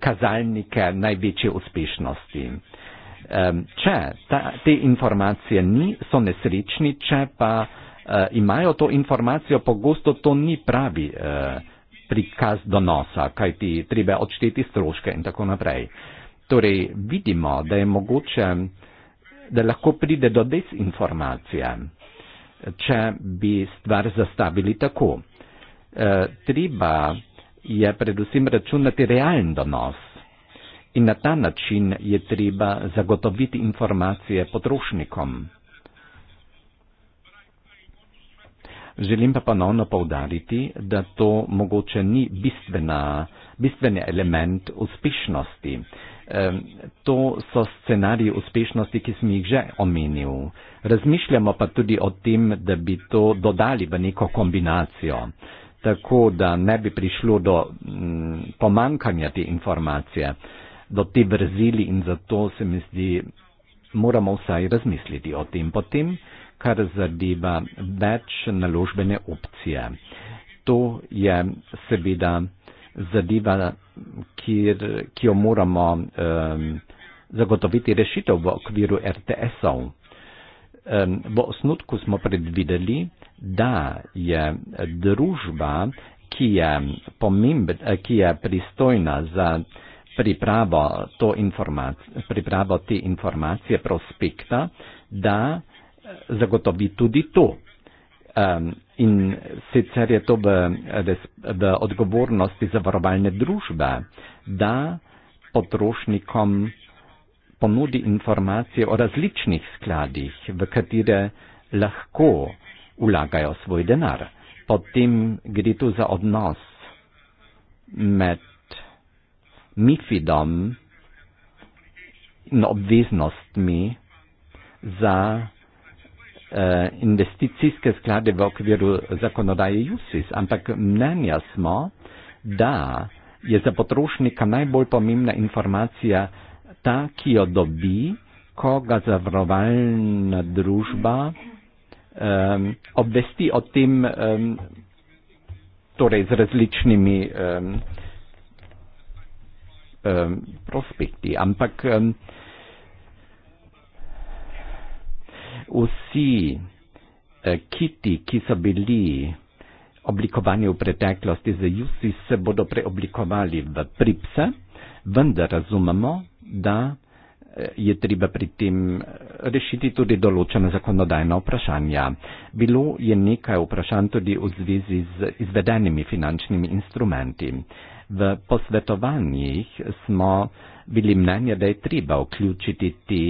kazalnike največje uspešnosti. Um, če ta, te informacije ni, so nesrečni, če pa uh, imajo to informacijo, pogosto to ni pravi uh, prikaz donosa, kaj ti treba odšteti stroške in tako naprej. Torej vidimo, da je mogoče, da lahko pride do desinformacije če bi stvar zastavili tako. E, treba je predvsem računati realen donos in na ta način je treba zagotoviti informacije potrošnikom. Želim pa ponovno povdariti, da to mogoče ni bistvena, bistveni element uspešnosti. To so scenariji uspešnosti, ki sem jih že omenil. Razmišljamo pa tudi o tem, da bi to dodali v neko kombinacijo, tako da ne bi prišlo do mm, pomankanja te informacije, do te brzili in zato se mi zdi, moramo vsaj razmisliti o tem potem, kar zadeva več naložbene opcije. To je seveda zadeva, kjer, ki jo moramo um, zagotoviti rešitev v okviru RTS-ov. Um, v osnutku smo predvideli, da je družba, ki je, pomembna, ki je pristojna za pripravo, to informac, pripravo te informacije, prospekta, da zagotovi tudi to. Um, In sicer je to v, v odgovornosti zavarovalne družbe, da potrošnikom ponudi informacije o različnih skladih, v katere lahko vlagajo svoj denar. Potem gre tu za odnos med Mifidom in obveznostmi za uh, investicijske sklade v okviru zakonodaje Jusis, ampak mnenja smo, da je za potrošnika najbolj pomembna informacija ta, ki jo dobi, ko ga zavarovalna družba um, obvesti o tem um, torej z različnimi um, um, prospekti. Ampak um, vsi eh, kiti, ki so bili oblikovani v preteklosti z jusi, se bodo preoblikovali v pripse, vendar razumemo, da eh, je treba pri tem eh, rešiti tudi določena zakonodajna vprašanja. Bilo je nekaj vprašanj tudi v zvezi z izvedenimi finančnimi instrumenti. V posvetovanjih smo bili mnenja, da je treba vključiti te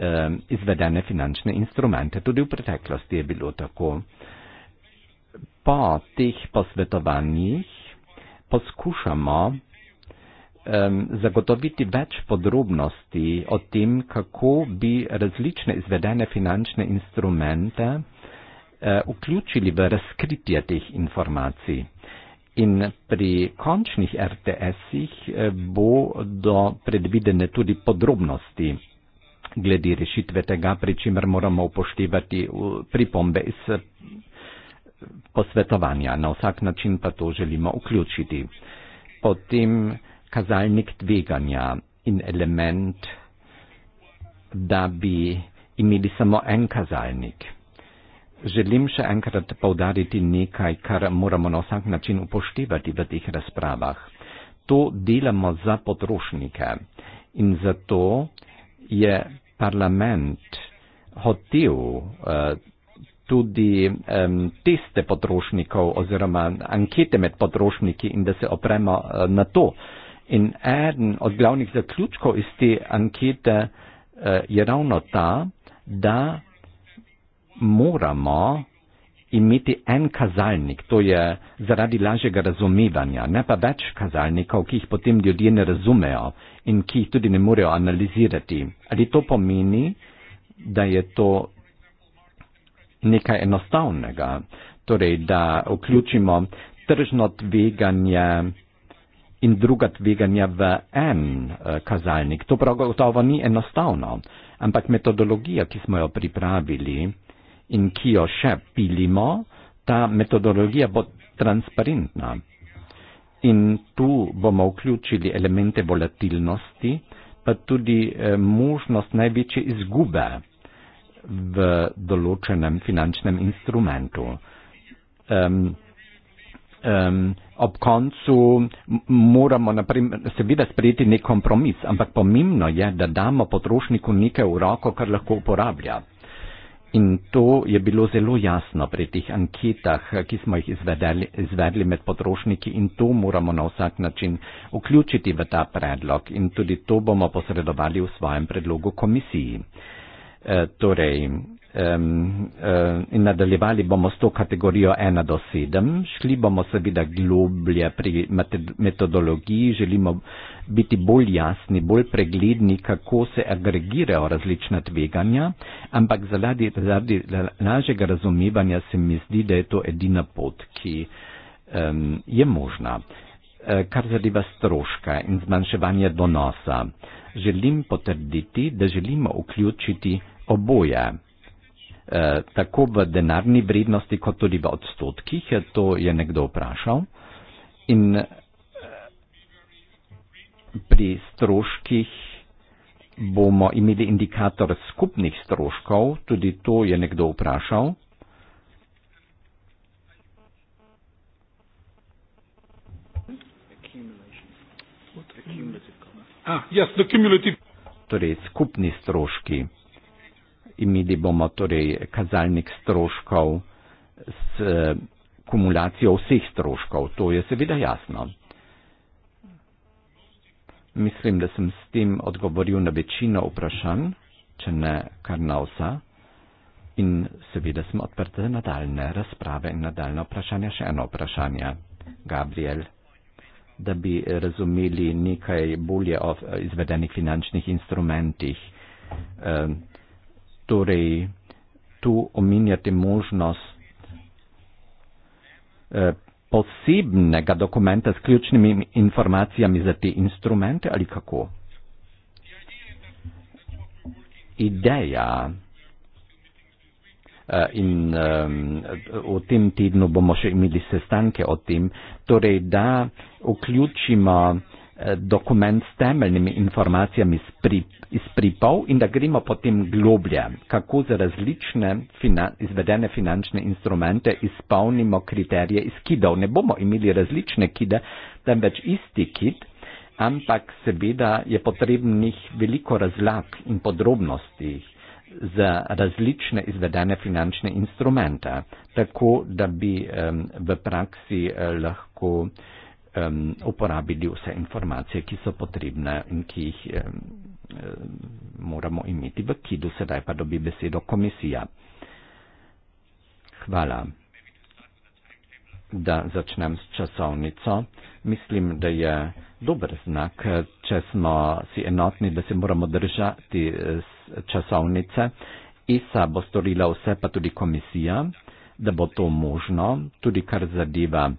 eh, izvedene finančne instrumente. Tudi v preteklosti je bilo tako. Po teh posvetovanjih poskušamo eh, zagotoviti več podrobnosti o tem, kako bi različne izvedene finančne instrumente eh, vključili v razkritje teh informacij. In pri končnih RTS-ih uh, bodo predvidene tudi podrobnosti glede rešitve tega, pri čemer moramo upoštevati uh, pripombe iz uh, posvetovanja. Na vsak način pa to želimo vključiti. Potem kazalnik tveganja in element, da bi imeli samo en kazalnik. Želim še enkrat povdariti nekaj, kar moramo na vsak način upoštevati v teh razpravah. To delamo za potrošnike in zato je parlament hotel eh, tudi um, tiste potrošnikov oziroma ankete med potrošniki in da se opremo uh, na to. In eden od glavnih zaključkov iz te ankete uh, je ravno ta, da moramo imeti en kazalnik, to je zaradi lažjega razumevanja, ne pa več kazalnikov, ki jih potem ljudje ne razumejo in ki jih tudi ne morejo analizirati. Ali to pomeni, da je to nekaj enostavnega, torej da vključimo tržno tveganje in druga tveganja v en eh, kazalnik. To prav gotovo ni enostavno, ampak metodologija, ki smo jo pripravili, in kio še pilimo, ta metodologija bo transparentna. In tu bomo vključili elemente volatilnosti, pa tudi eh, možnost največje izgube v določenem finančnem instrumentu. Um, um, ob koncu moramo naprimer, seveda sprejeti nek kompromis, ampak pomembno je, da damo potrošniku nekaj v roko, kar lahko uporablja. In to je bilo zelo jasno pri teh anketah, ki smo jih izvedeli, izvedli med potrošniki in to moramo na vsak način vključiti v ta predlog in tudi to bomo posredovali v svojem predlogu komisiji. E, torej, um, um, nadaljevali bomo s to kategorijo 1 do 7, šli bomo seveda globlje pri metodologiji, želimo uh, biti bolj jasni, bolj pregledni, kako se agregirajo različna tveganja, ampak zaradi, zaradi lažjega razumevanja se mi zdi, da je to edina pot, ki um, je možna. E, kar zadeva stroška in zmanjševanje donosa, želim potrditi, da želimo vključiti oboje. E, tako v denarni vrednosti, kot tudi v odstotkih, to je nekdo vprašal. In pri stroških bomo imeli indikator skupnih stroškov, tudi to je nekdo vprašal. Ah, torej skupni stroški. Imeli bomo torej kazalnik stroškov s eh, kumulacijo vseh stroškov. To je seveda jasno. Mislim, da sem s tem odgovoril na večino vprašanj, če ne kar na vsa. In seveda smo odprte na daljne razprave in na daljne vprašanja. Še eno vprašanje, Gabriel, da bi razumeli nekaj bolje o izvedenih finančnih instrumentih. E, torej, tu omenjate možnost eh, posebnega dokumenta s ključnimi informacijami za te instrumente ali kako? Ideja. Eh, in v tem tednu bomo še imeli sestanke o tem, torej da vključimo dokument s temeljnimi informacijami iz, pri, iz pripov in da gremo potem globlje, kako za različne fina, izvedene finančne instrumente izpolnimo kriterije iz kidov. Ne bomo imeli različne kide, temveč isti kid, ampak seveda je potrebnih veliko razlag in podrobnosti za različne izvedene finančne instrumente, tako da bi um, v praksi uh, lahko uh, um, uporabili vse informacije, ki so potrebne in ki jih um, moramo imeti. V Kidu sedaj pa dobi besedo komisija. Hvala, da začnem s časovnico. Mislim, da je dober znak, če smo si enotni, da se moramo držati časovnice. ISA bo storila vse, pa tudi komisija, da bo to možno, tudi kar zadeva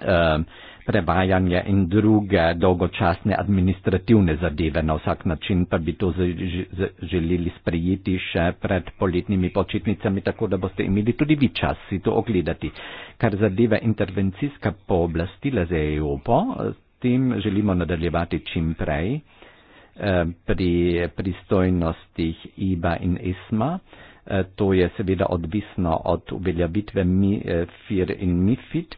Ehm, prevajanje in druge dolgočasne administrativne zadeve. Na vsak način pa bi to želeli sprejeti še pred poletnimi počitnicami, tako da boste imeli tudi vi čas si to ogledati. Kar zadeve intervencijska pooblastila za EOPO, s tem želimo nadaljevati čim prej ehm, pri pristojnostih IBA in ISMA. E Eh, to je seveda odvisno od uveljavitve MIFIR eh, in MIFID,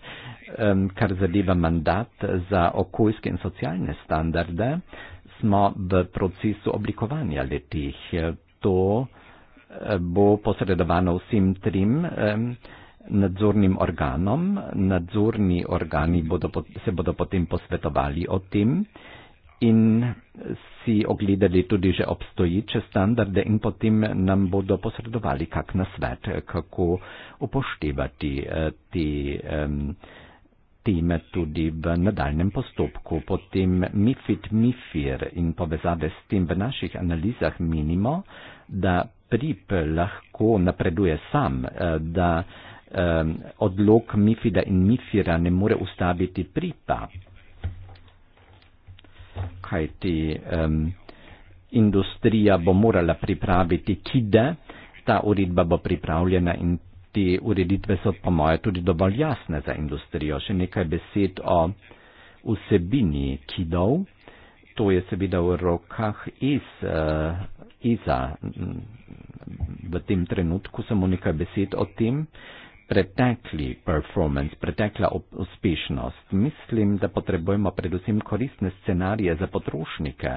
kar zadeva mandat za okoljske in socialne standarde, smo v procesu oblikovanja letih. Eh, to bo posredovano vsem trim nadzornim organom. Nadzorni organi bodo, se bodo potem posvetovali o tem in si ogledali tudi že obstoječe standarde in potem nam bodo posredovali kak nasvet, kako upoštevati eh, te teme tudi v nadaljnem postopku. Potem MIFID, MIFIR in povezave s tem v naših analizah menimo, da PRIP lahko napreduje sam, eh, da odlog MIFIDA in MIFIRA ne more ustaviti PRIPA kaj ti um, industrija bo morala pripraviti, ki da ta uredba bo pripravljena in te ureditve so po moje tudi dovolj jasne za industrijo. Še nekaj besed o vsebini kidov. To je seveda v rokah iz, uh, iza. Mm, v tem trenutku samo nekaj besed o tem. Uh, pretekli performance, pretekla uspešnost. Mislim, da potrebujemo predvsem koristne scenarije za potrošnike,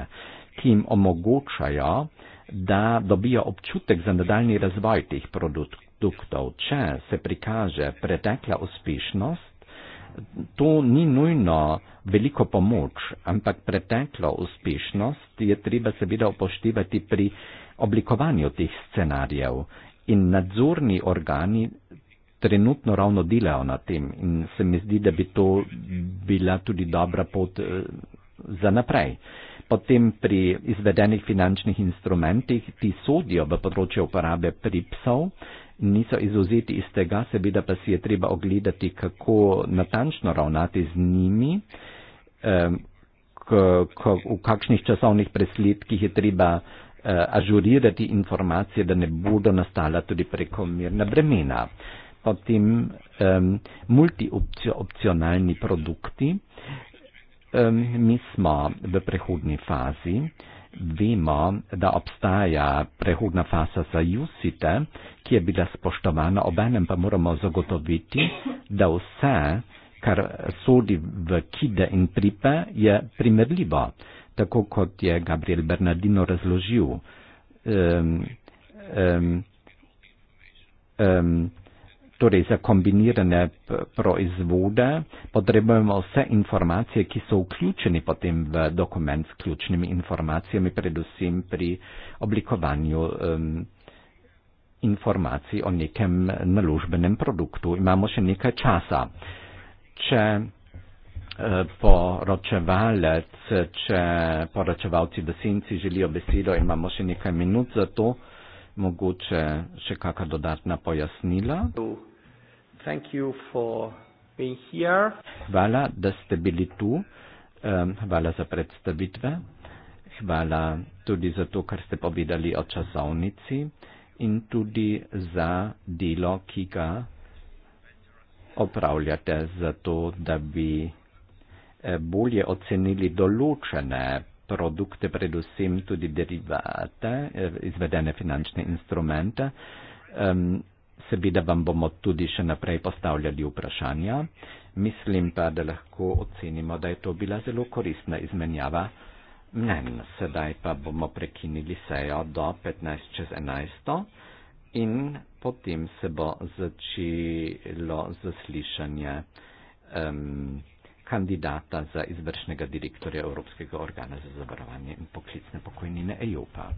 ki jim omogočajo, da dobijo občutek za nadaljni razvoj teh produktov. Če se prikaže pretekla uspešnost, to ni nujno veliko pomoč, ampak pretekla uspešnost je treba seveda upoštevati pri oblikovanju teh scenarijev. In nadzorni organi trenutno ravno delajo na tem in se mi zdi, da bi to bila tudi dobra pot eh, za naprej. Potem pri izvedenih finančnih instrumentih, ki sodijo v področje uporabe pri psov, niso izuzeti iz tega, seveda pa si je treba ogledati, kako natančno ravnati z njimi, eh, k, k, v kakšnih časovnih presledkih je treba eh, ažurirati informacije, da ne bodo nastala tudi prekomirna bremena pa tim um, multiopcionalni produkti. Um, mi smo v prehodni fazi. Vemo, da obstaja prehodna faza za Jusite, ki je bila spoštovana, obenem pa moramo zagotoviti, da vse, kar sodi v kide in pripe, je primerljivo, tako kot je Gabriel Bernardino razložil. Um, um, um, torej za kombinirane proizvode potrebujemo vse informacije, ki so vključeni potem v dokument s ključnimi informacijami, predvsem pri oblikovanju um, informacij o nekem naložbenem produktu. Imamo še nekaj časa. Če e, poročevalec, če poročevalci v senci želijo besedo, imamo še nekaj minut za to, mogoče še kakšna dodatna pojasnila. Uh. Thank you for being here. Hvala, da ste bili tu. Hvala za predstavitve. Hvala tudi za to, kar ste povedali o časovnici in tudi za delo, ki ga opravljate za to, da bi eh, bolje ocenili določene produkte, predvsem tudi derivate, eh, izvedene finančne instrumente seveda vam bomo tudi še naprej postavljali vprašanja. Mislim pa, da lahko ocenimo, da je to bila zelo koristna izmenjava. Ne, sedaj pa bomo prekinili sejo do 15 čez 11 in potem se bo začelo zaslišanje um, kandidata za izvršnega direktorja Evropskega organa za zavarovanje in poklicne pokojnine EUPA.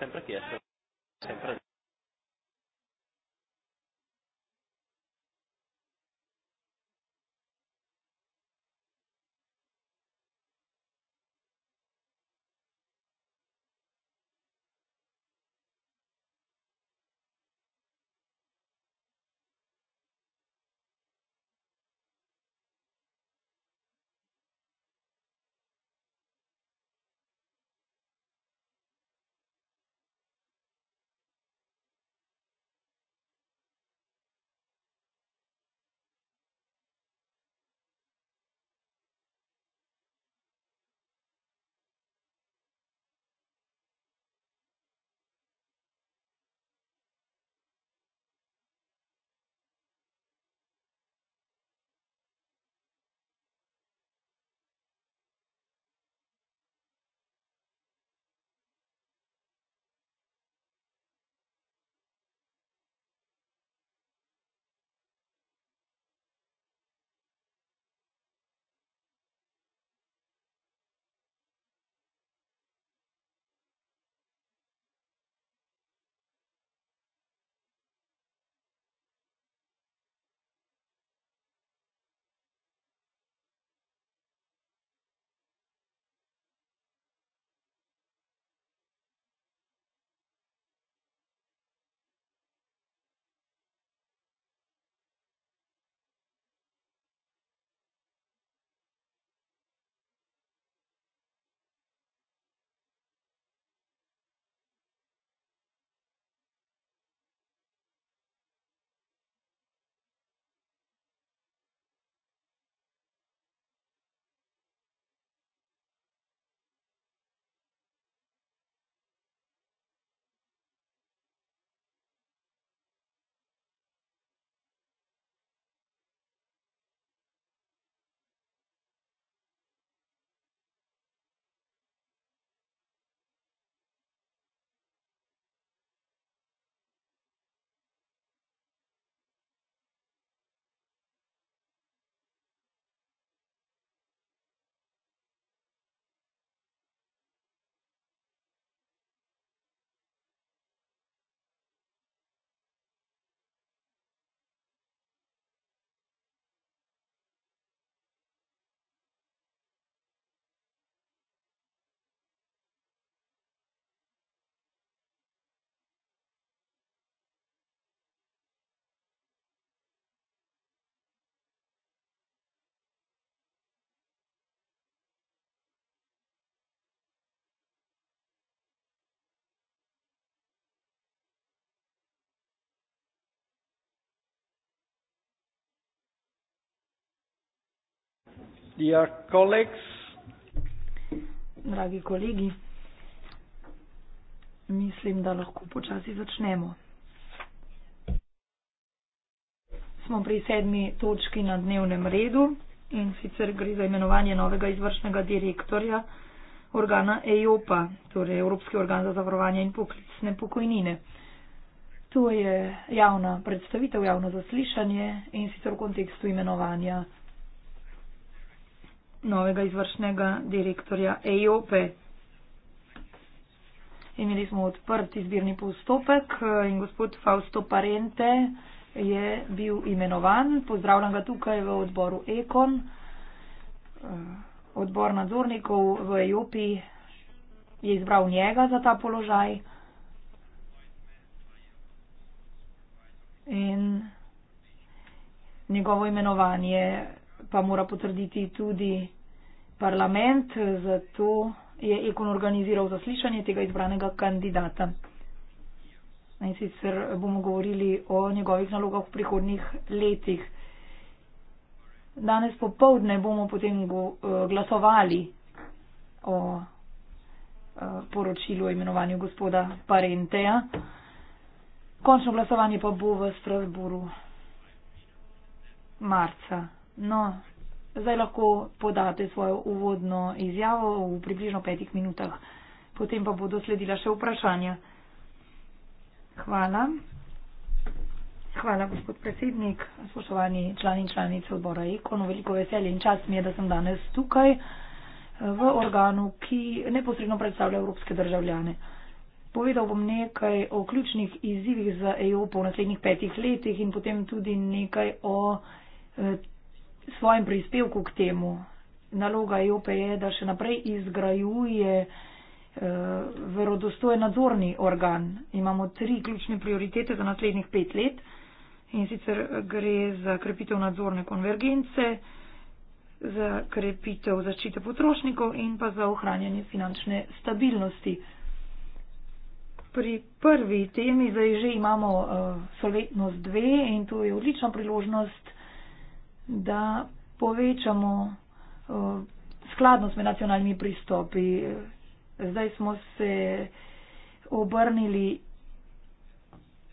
sempre chiesto, sempre detto. Dear colleagues, Dragi kolegi, mislim, da lahko počasi začnemo. Smo pri sedmi točki na dnevnem redu in sicer gre za imenovanje novega izvršnega direktorja organa EIOPA, torej Evropski organ za zavarovanje in poklicne pokojnine. To je javna predstavitev, javno zaslišanje in sicer v kontekstu imenovanja novega izvršnega direktorja EOPE. Imeli smo odprt izbirni postopek eh, in gospod Fausto Parente je bil imenovan. Pozdravljam ga tukaj v odboru EKON, eh, odbor nadzornikov v EOPI je izbral njega za ta položaj. In njegovo imenovanje pa mora potrditi tudi parlament, zato je Ekon organiziral zaslišanje tega izbranega kandidata. In sicer bomo govorili o njegovih nalogah v prihodnih letih. Danes popovdne bomo potem eh, glasovali o eh, poročilu o imenovanju gospoda Parenteja. Končno glasovanje pa bo v Strasburu marca. No, zdaj lahko podate svojo uvodno izjavo v približno petih minutah, potem pa bodo sledila še vprašanja. Hvala. Hvala, gospod predsednik, spoštovani člani in članice odbora Ekonu. Veliko veselje in čast mi je, da sem danes tukaj v organu, ki neposredno predstavlja evropske državljane. Povedal bom nekaj o ključnih izzivih za EU po naslednjih petih letih in potem tudi nekaj o eh, svojem prispevku k temu. Naloga EOPE je, da še naprej izgrajuje eh, verodostojen nadzorni organ. Imamo tri ključne prioritete za naslednjih pet let in sicer gre za krepitev nadzorne konvergence, za krepitev zaščite potrošnikov in pa za ohranjanje finančne stabilnosti. Pri prvi temi zdaj že imamo uh, solventnost 2 in to je odlična priložnost uh, da povečamo eh, skladnost med nacionalnimi pristopi. Zdaj smo se obrnili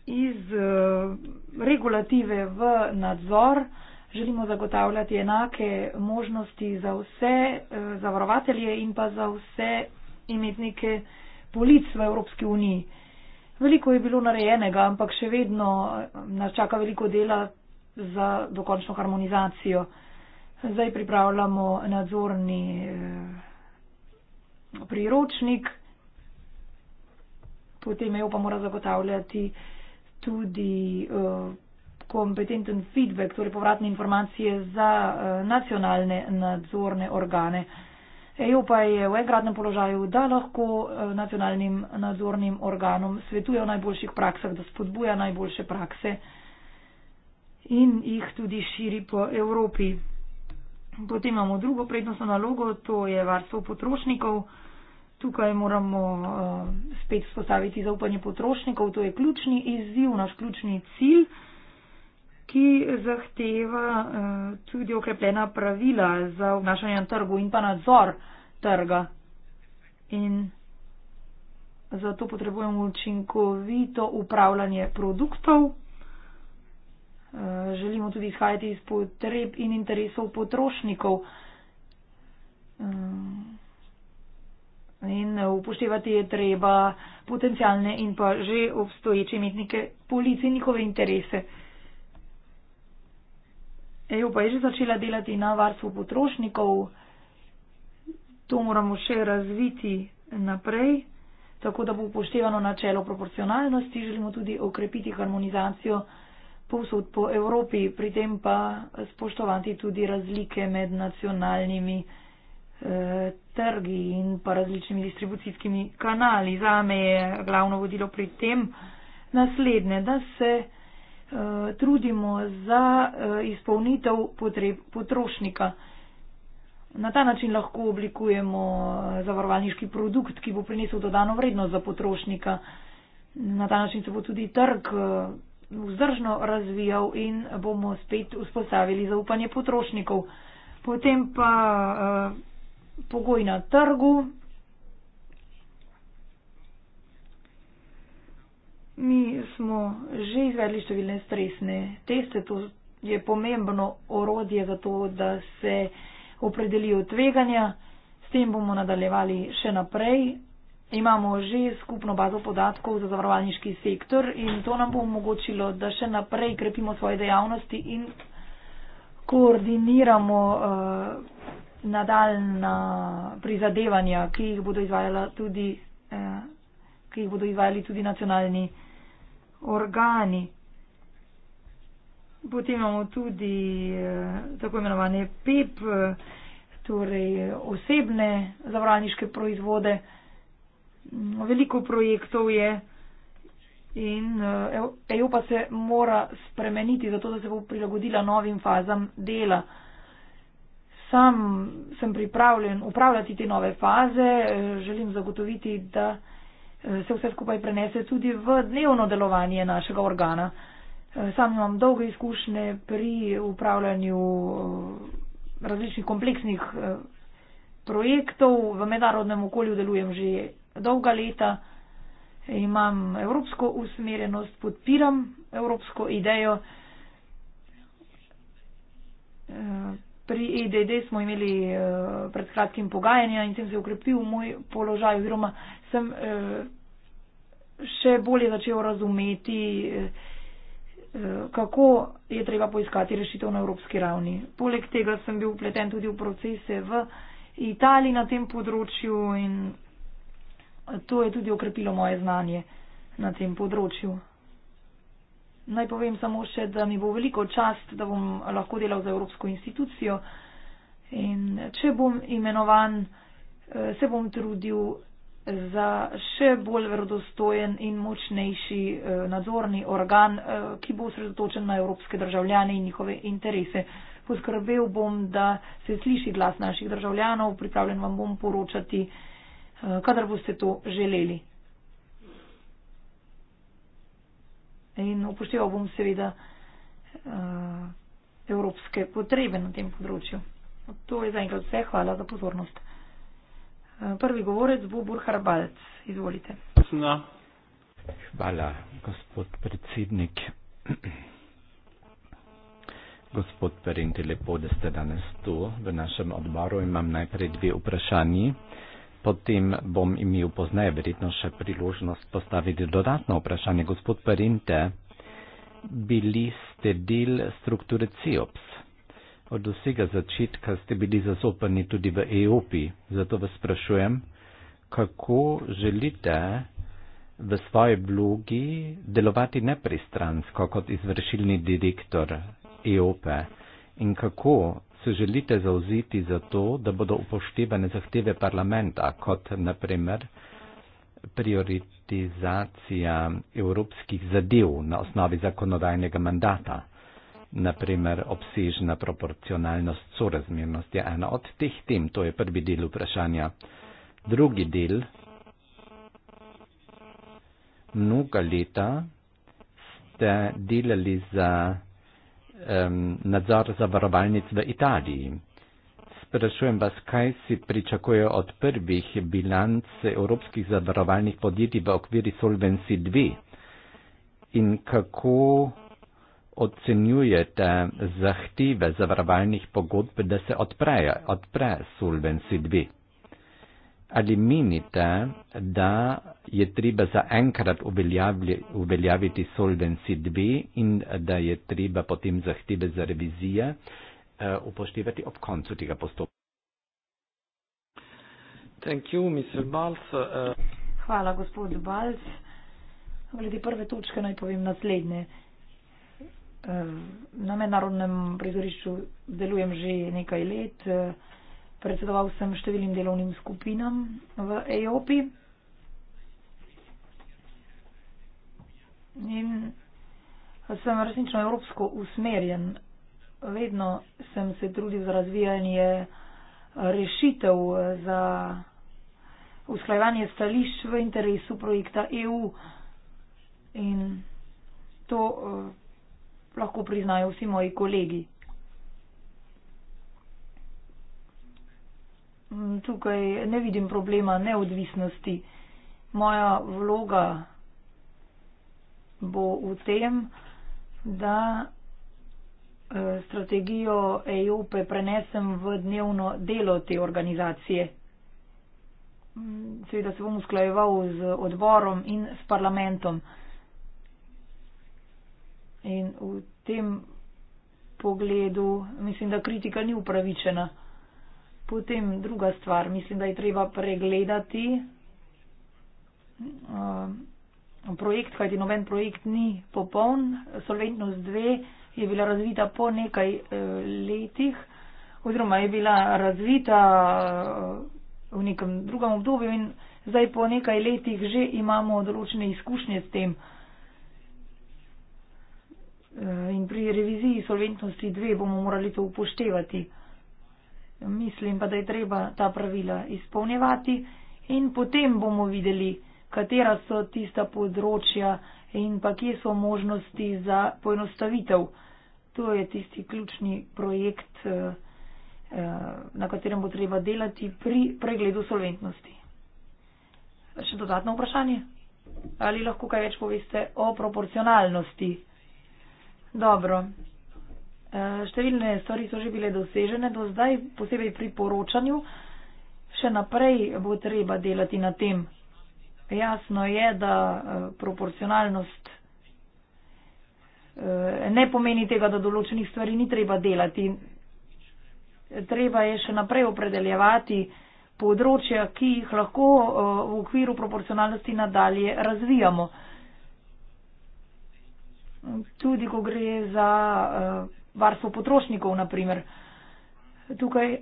iz eh, regulative v nadzor. Želimo zagotavljati enake možnosti za vse eh, zavarovatelje in pa za vse imetnike polic v Evropski uniji. Veliko je bilo narejenega, ampak še vedno nas čaka veliko dela, za dokončno harmonizacijo. Zdaj pripravljamo nadzorni eh, priročnik, potem jo pa mora zagotavljati tudi eh, kompetenten feedback, torej povratne informacije za eh, nacionalne nadzorne organe. EU pa je v enkratnem položaju, da lahko nacionalnim nadzornim organom svetuje o najboljših praksah, da spodbuja najboljše prakse in jih tudi širi po Evropi. Potem imamo drugo prednostno nalogo, to je varstvo potrošnikov. Tukaj moramo uh, spet spostaviti zaupanje potrošnikov, to je ključni izziv, naš ključni cilj, ki zahteva uh, tudi okrepljena pravila za obnašanje na trgu in pa nadzor trga. In zato potrebujemo učinkovito upravljanje produktov. Eh, želimo tudi izhajati iz potreb in interesov potrošnikov eh, in upoštevati je treba potencijalne in pa že obstoječe imetnike polici in njihove interese. EU pa je že začela delati na varstvu potrošnikov, to moramo še razviti naprej, tako da bo upoštevano načelo proporcionalnosti, želimo tudi okrepiti harmonizacijo povsod po Evropi, pri tem pa spoštovati tudi razlike med nacionalnimi eh, trgi in pa različnimi distribucijskimi kanali. Zame je glavno vodilo pri tem naslednje, da se uh, trudimo za uh, izpolnitev potreb potrošnika. Na ta način lahko oblikujemo zavarovalniški produkt, ki bo prinesel dodano vrednost za potrošnika. Na ta način se bo tudi trg. Uh, vzdržno razvijal in bomo spet vzpostavili zaupanje potrošnikov. Potem pa eh, pogoj na trgu. Mi smo že izvedli številne stresne teste, to je pomembno orodje za to, da se opredelijo tveganja. S tem bomo nadaljevali še naprej imamo že skupno bazo podatkov za zavarovalniški sektor in to nam bo omogočilo, da še naprej krepimo svoje dejavnosti in koordiniramo uh, eh, nadaljna prizadevanja, ki jih bodo izvajala tudi. Uh, ki jih bodo izvajali tudi nacionalni organi. Potem imamo tudi eh, tako imenovane PEP, e torej osebne zavarovalniške proizvode veliko projektov je in EU eh, e pa se mora spremeniti, zato da se bo prilagodila novim fazam dela. Sam sem pripravljen upravljati te nove faze, eh, želim zagotoviti, da eh, se vse skupaj prenese tudi v dnevno delovanje našega organa. Sam imam dolge izkušnje pri upravljanju različnih kompleksnih projektov, v mednarodnem okolju delujem že dolga leta, imam evropsko usmerjenost, podpiram evropsko idejo. Pri EDD smo imeli eh, pred kratkim pogajanja in tem se je ukrepil moj položaj oziroma sem eh, še bolje začel razumeti, eh, kako je treba poiskati rešitev na evropski ravni. Poleg tega sem bil upleten tudi v procese v Italiji na tem področju in to je tudi okrepilo moje znanje na tem področju. Naj povem samo še, da mi bo veliko čast, da bom lahko delal za Evropsko institucijo in če bom imenovan, eh, se bom trudil za še bolj verodostojen in močnejši eh, nadzorni organ, eh, ki bo osredotočen na evropske državljane in njihove interese. Poskrbel bom, da se sliši glas naših državljanov, pripravljen vam bom poročati. Eh, kadar boste to želeli. In upošteval bom seveda uh, evropske potrebe na tem področju. To je zaenkrat vse. Hvala za pozornost. Eh, prvi govorec bo Burhar Balc. Izvolite. Posna. Hvala, gospod predsednik. Gospod Perinti, lepo, da ste danes tu v našem odboru. Imam najprej dve vprašanji. Uh, Potem bom imel poznaje verjetno še priložnost postaviti dodatno vprašanje. Gospod Perinte, bili ste del strukture CIOPS. E Od vsega začetka ste bili zazopani tudi v EOP-i, zato vas sprašujem, kako želite v svoji vlogi delovati nepristransko kot izvršilni direktor EOP-e e in kako se želite zauziti za to, da bodo upoštevane zahteve parlamenta, kot naprimer prioritizacija evropskih zadev na osnovi zakonodajnega mandata, naprimer obsežna proporcionalnost, sorazmernost je ena od teh tem, to je prvi del vprašanja. Drugi del, mnoga leta ste delali za nadzor zavarovalnic v Italiji. Sprašujem vas, kaj si pričakuje od prvih bilanc evropskih zavarovalnih podjetij v okviru Solvency 2 in kako ocenjujete zahteve zavarovalnih pogodb, da se odpre, odpre Solvency 2 ali menite, da je treba zaenkrat uveljaviti Solvency 2 in da je treba potem zahteve za revizije eh, upoštevati ob koncu tega postopka? Thank you, Mr. Balc. Eh, Hvala, gospod Balc. Glede prve točke naj povem naslednje. Eh, na mednarodnem prizorišču delujem že nekaj let predsedoval sem številnim delovnim skupinam v EOP. In sem resnično evropsko usmerjen. Vedno sem se trudil za razvijanje rešitev za usklajevanje stališč v interesu projekta EU. In to uh, lahko priznajo vsi moji kolegi. tukaj ne vidim problema neodvisnosti. Moja vloga bo v tem, da eh, strategijo EIOPE prenesem v dnevno delo te organizacije. Seveda se bom usklajeval z odborom in s parlamentom. In v tem pogledu mislim, da kritika ni upravičena. Potem druga stvar, mislim, da je treba pregledati eh, projekt, kajti noben projekt ni popoln. Solventnost 2 je bila razvita po nekaj eh, letih, oziroma je bila razvita eh, v nekem drugem obdobju in zdaj po nekaj letih že imamo določene izkušnje s tem. In pri reviziji solventnosti 2 bomo morali to upoštevati mislim pa, da je treba ta pravila izpolnjevati in potem bomo videli, katera so tista področja in pa kje so možnosti za poenostavitev. To je tisti ključni projekt, eh, eh, na katerem bo treba delati pri pregledu solventnosti. Še dodatno vprašanje? Ali lahko kaj več poveste o proporcionalnosti? Dobro. Eh, številne stvari so že bile dosežene do zdaj, posebej pri poročanju. Še naprej bo treba delati na tem. Jasno je, da eh, proporcionalnost eh, ne pomeni tega, da določenih stvari ni treba delati. Treba je še naprej opredeljevati področja, ki jih lahko v okviru proporcionalnosti nadalje razvijamo. Tudi, ko gre za varstvo potrošnikov, naprimer. Tukaj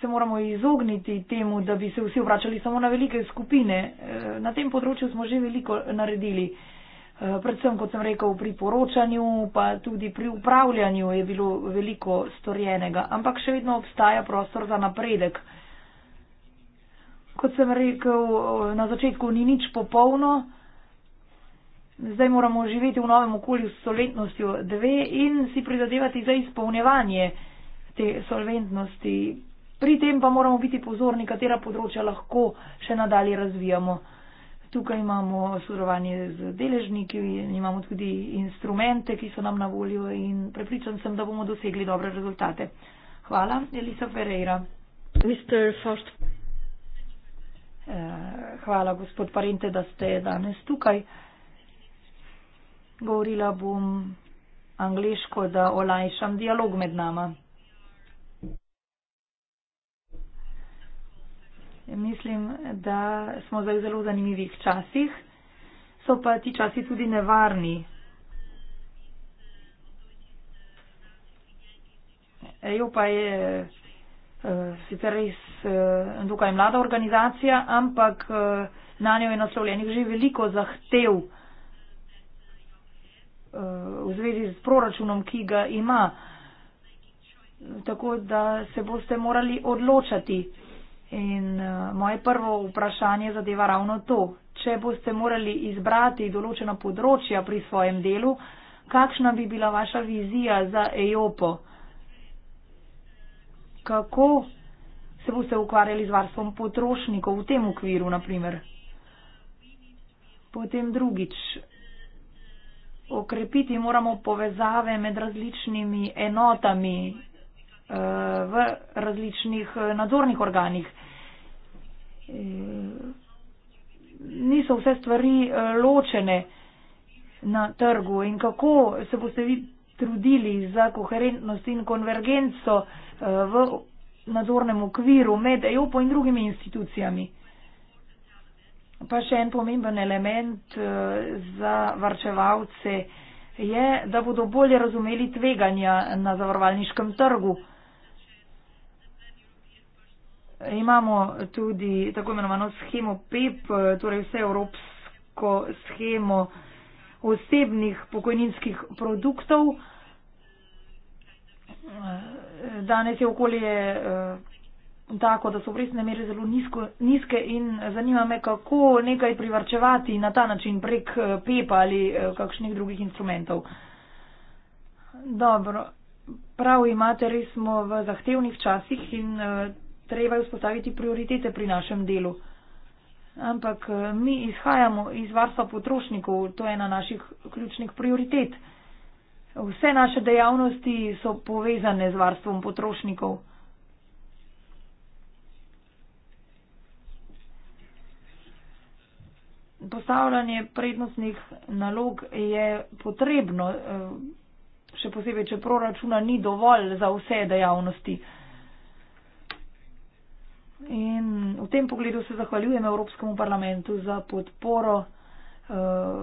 se moramo izogniti temu, da bi se vsi obračali samo na velike skupine. Eh, na tem področju smo že veliko naredili. Eh, predvsem, kot sem rekel, pri poročanju, pa tudi pri upravljanju je bilo veliko storjenega, ampak še vedno obstaja prostor za napredek. Kot sem rekel, eh, na začetku ni nič popolno zdaj moramo živeti v novem okolju s solventnostjo dve in si prizadevati za izpolnjevanje te solventnosti. Pri tem pa moramo biti pozorni, katera področja lahko še nadalje razvijamo. Tukaj imamo sodelovanje z deležniki, imamo tudi instrumente, ki so nam na voljo in prepričan sem, da bomo dosegli dobre rezultate. Hvala, Elisa Ferreira. Eh, hvala, gospod Parente, da ste danes tukaj govorila bom angliško, da olajšam dialog med nama. Mislim, da smo zdaj v zelo zanimivih časih, so pa ti časi tudi nevarni. EU pa je uh, sicer res uh, dokaj mlada organizacija, ampak uh, eh, na njo je naslovljenih že veliko zahtev v zvezi z proračunom, ki ga ima. Tako da se boste morali odločati. In eh, moje prvo vprašanje zadeva ravno to. Če boste morali izbrati določena področja pri svojem delu, kakšna bi bila vaša vizija za EOPO? Kako se boste ukvarjali z varstvom potrošnikov v tem okviru, na primer? Potem drugič, okrepiti moramo povezave med različnimi enotami eh, v različnih eh, nadzornih organih. Eh, niso vse stvari ločene na trgu in kako se boste vi trudili za koherentnost in konvergenco v nadzornem okviru med EOP-om in drugimi institucijami. Pa še en pomemben element eh, za varčevalce je, da bodo bolje razumeli tveganja na zavarovalniškem trgu. Imamo tudi tako imenovano schemo PEP, e torej vse evropsko schemo osebnih pokojninskih produktov. Danes je okolje eh, tako, da so obrestne mere zelo nizko, nizke in eh, zanima me, kako nekaj privrčevati na ta način prek eh, pepa ali eh, kakšnih drugih instrumentov. Dobro, prav imate, res smo v zahtevnih časih in treba je vzpostaviti prioritete pri našem delu. Ampak mi izhajamo iz varstva potrošnikov, to je ena naših ključnih prioritet. Vse naše dejavnosti so povezane z varstvom potrošnikov. postavljanje prednostnih nalog je potrebno, eh, še posebej, če proračuna ni dovolj za vse dejavnosti. In v tem pogledu se zahvaljujem Evropskemu parlamentu za podporo eh,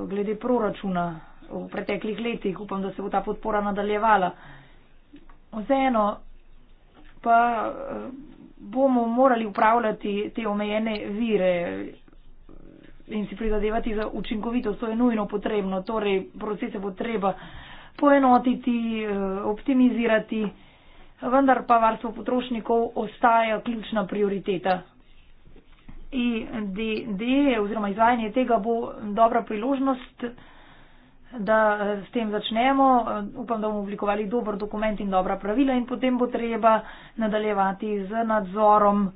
glede proračuna v preteklih letih. Upam, da se bo ta podpora nadaljevala. Vseeno pa eh, bomo morali upravljati te omejene vire in si prizadevati za učinkovitost, to je nujno potrebno, torej procese bo treba poenotiti, eh, optimizirati, vendar pa varstvo potrošnikov ostaja ključna prioriteta. IDD e oziroma izvajanje tega bo dobra priložnost, da eh, s tem začnemo. Eh, upam, da bomo oblikovali dober dokument in dobra pravila in potem bo treba nadaljevati z nadzorom.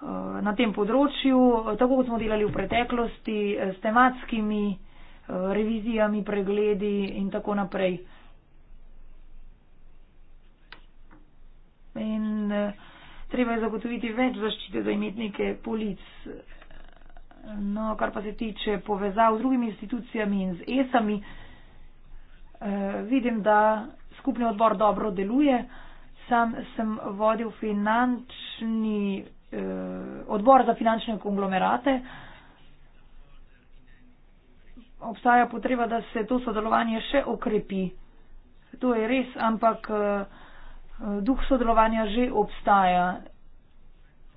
Eh, na tem področju, tako kot smo delali v preteklosti, eh, s tematskimi eh, revizijami, pregledi in tako naprej. In treba je zagotoviti več zaščite za imetnike polic. No, kar pa se tiče povezav z drugimi institucijami in z ESAMI, vidim, da skupni odbor dobro deluje. Sam sem vodil finančni Eh, odbor za finančne konglomerate. Obstaja potreba, da se to sodelovanje še okrepi. To je res, ampak eh, duh sodelovanja že obstaja.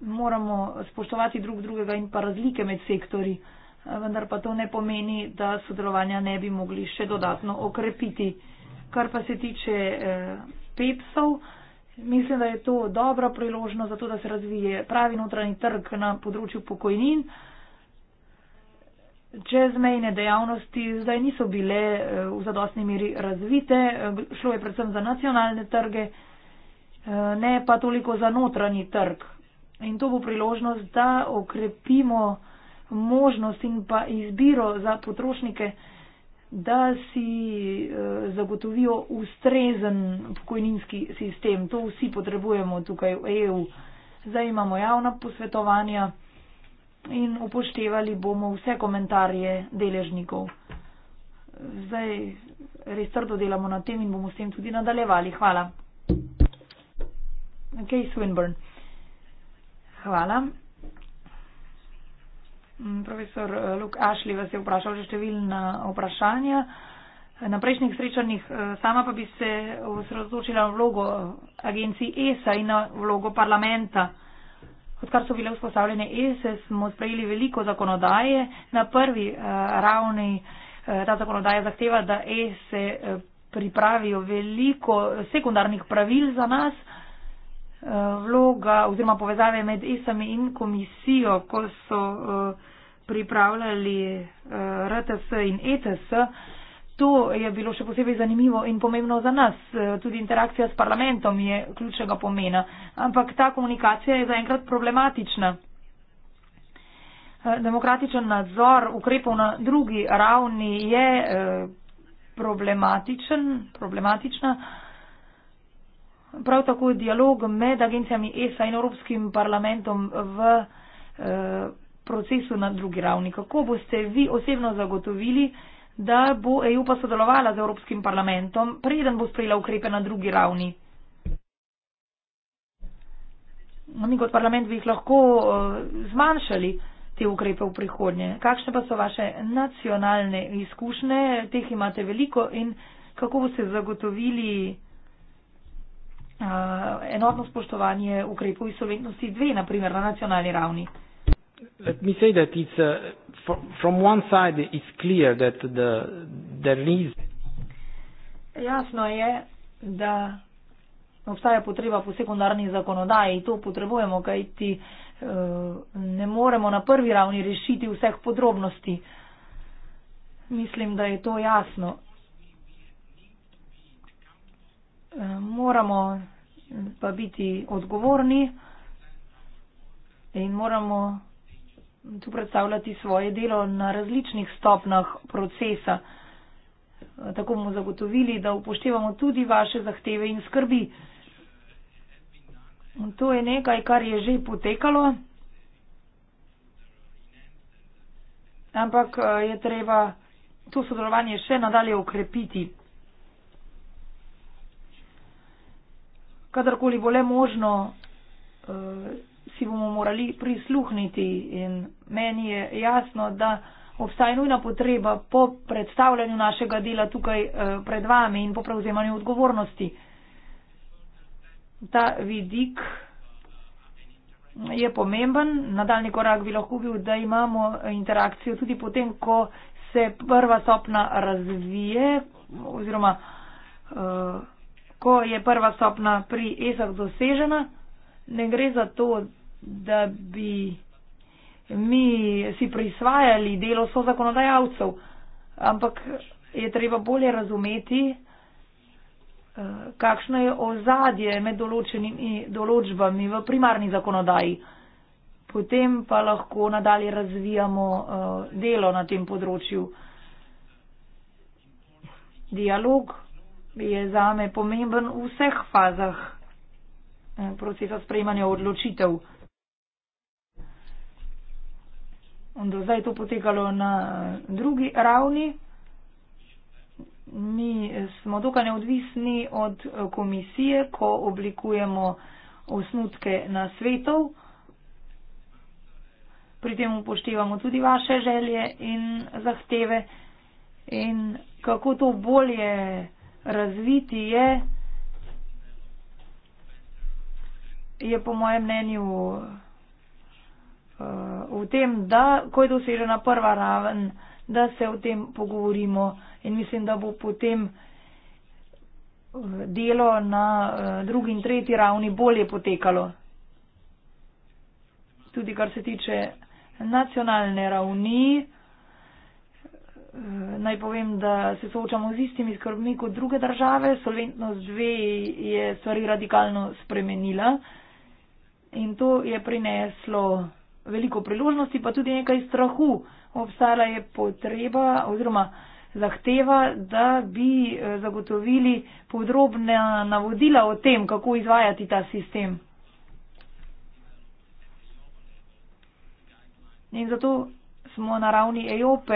Moramo spoštovati drug drugega in pa razlike med sektori, eh, vendar pa to ne pomeni, da sodelovanja ne bi mogli še dodatno okrepiti. Kar pa se tiče pepsov, Mislim, da je to dobra priložnost za to, da se razvije pravi notranji trg na področju pokojnin. Čezmejne dejavnosti zdaj niso bile eh, v zadostni meri razvite, eh, šlo je predvsem za nacionalne trge, eh, ne pa toliko za notranji trg. In to bo priložnost, da okrepimo možnost in pa izbiro za potrošnike, da si eh, zagotovijo ustrezen pokojninski sistem. To vsi potrebujemo tukaj v EU. Zdaj imamo javna posvetovanja in upoštevali bomo vse komentarje deležnikov. Zdaj res trdo delamo na tem in bomo s tem tudi nadaljevali. Hvala. Okay, Swinburne. Hvala. Mm, profesor eh, Luke Ashley vas je vprašal že številna vprašanja. Na prejšnjih srečanjih eh, sama pa bi se osredotočila na vlogo eh, agencij ESA in na vlogo parlamenta. Odkar so bile vzpostavljene ESA, smo sprejeli veliko zakonodaje. Na prvi ravni ta zakonodaja zahteva, da ESA pripravijo veliko sekundarnih pravil za nas vloga oziroma povezave med ISAMI in komisijo, ko so eh, pripravljali eh, RTS in ETS. To je bilo še posebej zanimivo in pomembno za nas. Eh, tudi interakcija s parlamentom je ključnega pomena. Ampak ta komunikacija je zaenkrat problematična. Demokratičen nadzor ukrepov na drugi ravni je problematičen, problematična. Prav tako je dialog med agencijami ESA in Evropskim parlamentom v eh, procesu na drugi ravni. Kako boste vi osebno zagotovili, da bo EU pa sodelovala z Evropskim parlamentom, preden bo sprejela ukrepe na drugi ravni? No, mi kot parlament bi jih lahko eh, zmanjšali te ukrepe v prihodnje. Kakšne pa so vaše nacionalne izkušnje, teh imate veliko in kako boste zagotovili. Eh, enotno spoštovanje ukrepov insolventnosti dve, naprimer na nacionalni ravni. Let me say that it's uh, from one side it's clear that the there is Jasno je, da obstaja potreba po sekundarni zakonodaji, to potrebujemo, kajti eh, ne moremo na prvi ravni rešiti vseh podrobnosti. Mislim, da je to jasno. Eh, moramo pa biti odgovorni in moramo tu predstavljati svoje delo na različnih stopnah procesa. Tako bomo zagotovili, da upoštevamo tudi vaše zahteve in skrbi. To je nekaj, kar je že potekalo, ampak eh, je treba to sodelovanje še nadalje ukrepiti. kadarkoli bo le možno, uh, si bomo morali prisluhniti in meni je jasno, da obstaja nujna potreba po predstavljanju našega dela tukaj uh, pred vami in po prevzemanju odgovornosti. Ta vidik je pomemben. Nadaljni korak bi lahko bil, da imamo interakcijo tudi potem, ko se prva stopna razvije oziroma uh, ko je prva stopna pri ESAK dosežena, ne gre za to, da bi mi si prisvajali delo so zakonodajalcev, ampak je treba bolje razumeti, eh, kakšno je ozadje med določenimi določbami v primarni zakonodaji. Potem pa lahko nadalje razvijamo eh, delo na tem področju. Dialog je zame pomemben v vseh fazah eh, procesa sprejmanja odločitev. Do zdaj je to potekalo na eh, drugi ravni. Mi eh, smo dokaj neodvisni od komisije, ko oblikujemo osnutke na svetov. Pri tem upoštevamo tudi vaše želje in zahteve in kako to bolje razviti je, je po mojem mnenju uh, v tem, da ko je dosežena prva raven, da se o tem pogovorimo in mislim, da bo potem eh, delo na uh, drugi in tretji ravni bolje potekalo. Tudi kar se tiče nacionalne ravni, Eh, naj povem, da se soočamo z istimi skrbmi kot druge države. Solventnost 2 je stvari radikalno spremenila in to je prineslo veliko priložnosti, pa tudi nekaj strahu. Obstala je potreba oziroma zahteva, da bi eh, zagotovili podrobne navodila o tem, kako izvajati ta sistem. In zato smo na ravni EOP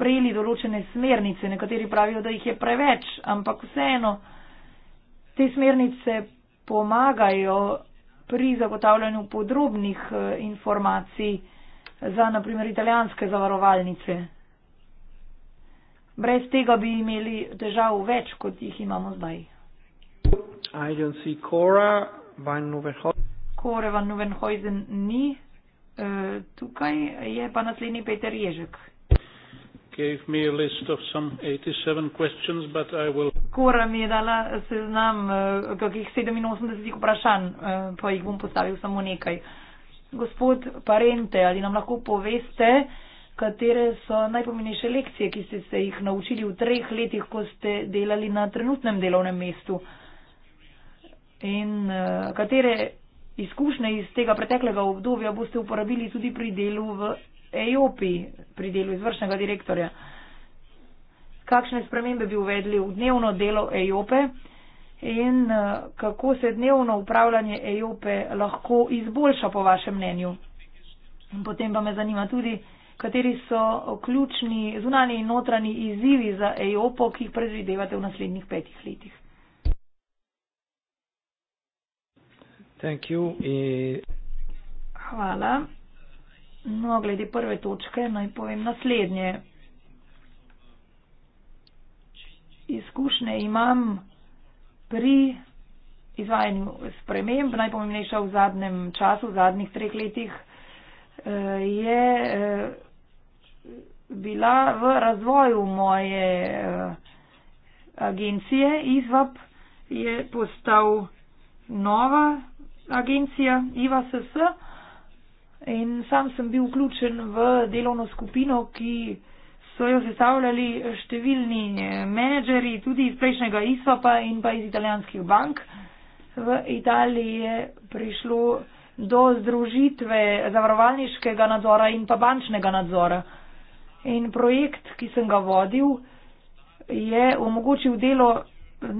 sprejeli določene smernice. Nekateri pravijo, da jih je preveč, ampak vseeno te smernice pomagajo pri zagotavljanju podrobnih eh, informacij za naprimer italijanske zavarovalnice. Brez tega bi imeli težav več, kot jih imamo zdaj. Kore van Nuvenhojzen ni eh, tukaj, je pa naslednji Peter Ježek gave me a list of some 87 questions, but I will. Kora mi je dala seznam uh, kakih 87 vprašanj, uh, pa jih bom postavil samo nekaj. Gospod Parente, ali nam lahko poveste, katere so najpomenejše lekcije, ki ste se jih naučili v treh letih, ko ste delali na trenutnem delovnem mestu? In uh, katere izkušnje iz tega preteklega obdobja boste uporabili tudi pri delu v EUP-i pri delu izvršnega direktorja. Kakšne spremembe bi uvedli v dnevno delo EUP-e in eh, kako se dnevno upravljanje EUP-e lahko izboljša po vašem mnenju? In potem pa me zanima tudi, kateri so ključni zunani in notranji izzivi za EUP-o, ki jih predvidevate v naslednjih petih letih. E- Hvala. No, glede prve točke naj povem naslednje. Izkušnje imam pri izvajanju sprememb, najpomembnejša v zadnjem času, v zadnjih treh letih, eh, je eh, bila v razvoju moje eh, agencije. Izvab je postal nova agencija IVSS. In sam sem bil vključen v delovno skupino, ki so jo sestavljali številni eh, menedžeri, tudi iz prejšnjega ISOP-a in pa iz italijanskih bank. V Italiji je prišlo do združitve zavarovalniškega nadzora in pa bančnega nadzora. In projekt, ki sem ga vodil, je omogočil delo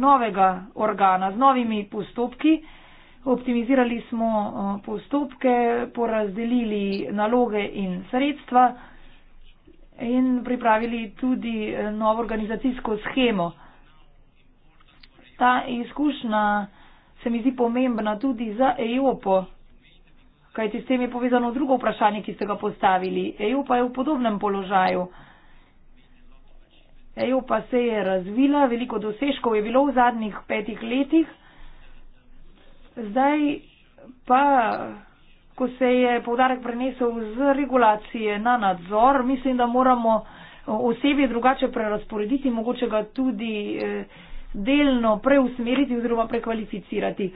novega organa z novimi postopki. Optimizirali smo eh, postopke, porazdelili naloge in sredstva in pripravili tudi eh, novo organizacijsko schemo. Ta izkušnja se mi zdi pomembna tudi za EOPO, kajti s tem je povezano drugo vprašanje, ki ste ga postavili. EOPA je v podobnem položaju. EOPA se je razvila, veliko dosežkov je bilo v zadnjih petih letih. Zdaj pa, ko se je povdarek prenesel z regulacije na nadzor, mislim, da moramo osebje drugače prerasporediti, mogoče ga tudi eh, delno preusmeriti oziroma prekvalificirati.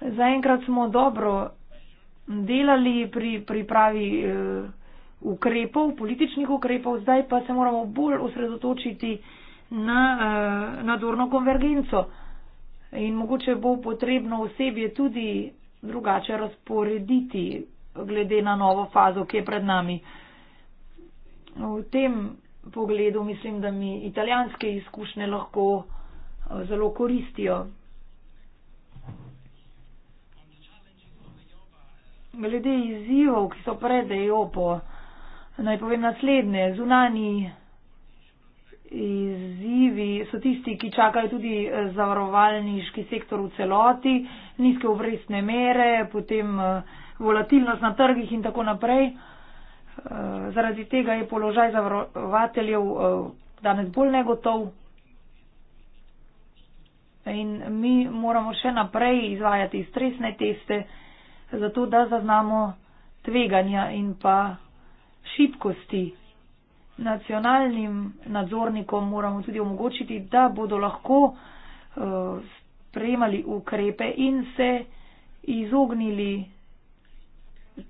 Zaenkrat smo dobro delali pri pripravi eh, ukrepov, političnih ukrepov, zdaj pa se moramo bolj osredotočiti na eh, nadzorno konvergenco in mogoče bo potrebno osebje tudi drugače razporediti glede na novo fazo, ki je pred nami. V tem pogledu mislim, da mi italijanske izkušnje lahko eh, zelo koristijo. Glede izzivov, ki so pred EOPO, naj povem naslednje. Zunani izzivi so tisti, ki čakajo tudi eh, zavarovalniški sektor v celoti, nizke obrestne mere, potem eh, volatilnost na trgih in tako naprej. Eh, zaradi tega je položaj zavarovateljev danes bolj negotov. In mi moramo še naprej izvajati stresne teste, zato da zaznamo tveganja in pa šibkosti nacionalnim nadzornikom moramo tudi omogočiti, da bodo lahko eh, sprejemali ukrepe in se izognili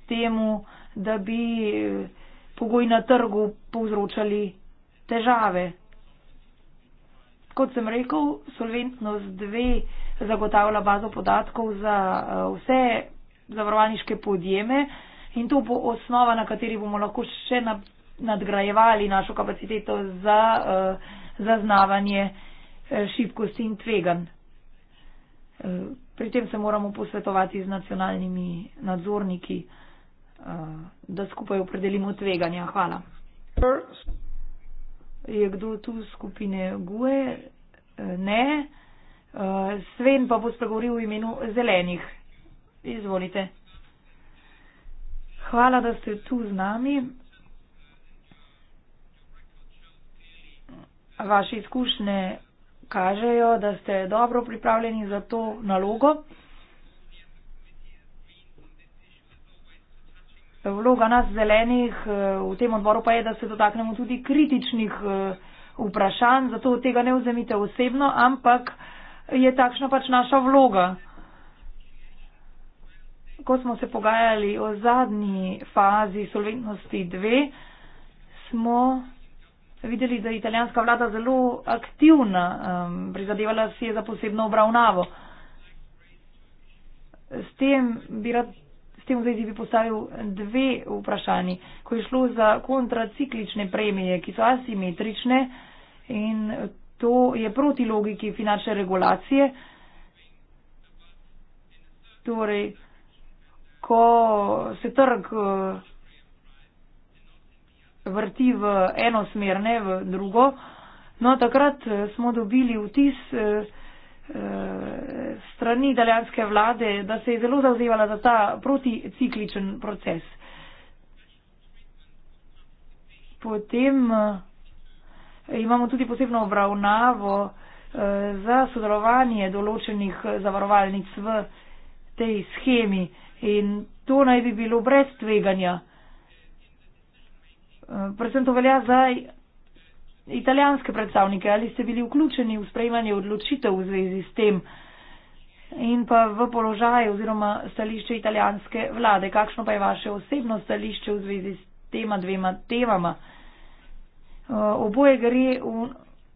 temu, da bi eh, pogoji na trgu povzročali težave. Kot sem rekel, Solventnost 2 zagotavlja bazo podatkov za eh, vse zavarovalniške podjeme in to bo osnova, na kateri bomo lahko še naprej nadgrajevali našo kapaciteto za uh, zaznavanje uh, šibkosti in tveganj. Uh, pri tem se moramo posvetovati z nacionalnimi nadzorniki, uh, da skupaj opredelimo tveganja. Hvala. Je kdo tu skupine GUE? Ne. Sven pa bo spregovoril v imenu zelenih. Izvolite. Hvala, da ste tu z nami. vaše izkušnje kažejo, da ste dobro pripravljeni za to nalogo. Vloga nas zelenih eh, v tem odboru pa je, da se dotaknemo tudi kritičnih eh, vprašanj, zato tega ne vzemite osebno, ampak je takšna pač naša vloga. Ko smo se pogajali o zadnji fazi solventnosti 2, smo videli, da je italijanska vlada zelo aktivna, um, prizadevala si je za posebno obravnavo. S tem bi rad, s tem v zvezi bi postavil dve vprašanji, ko je šlo za kontraciklične premije, ki so asimetrične in to je proti logiki finančne regulacije. Torej, ko se trg. Uh, vrti v eno smer, ne v drugo. No, takrat eh, smo dobili vtis eh, eh, strani italijanske vlade, da se je zelo zauzevala za ta proticikličen proces. Potem imamo tudi posebno obravnavo za sodelovanje določenih zavarovalnic v tej schemi in to naj bi bilo brez tveganja predvsem to velja za italijanske predstavnike, ali ste bili vključeni v sprejmanje odločitev v zvezi s tem in pa v položaj oziroma stališče italijanske vlade. Kakšno pa je vaše osebno stališče v zvezi s tema dvema temama? Eh, oboje gre v,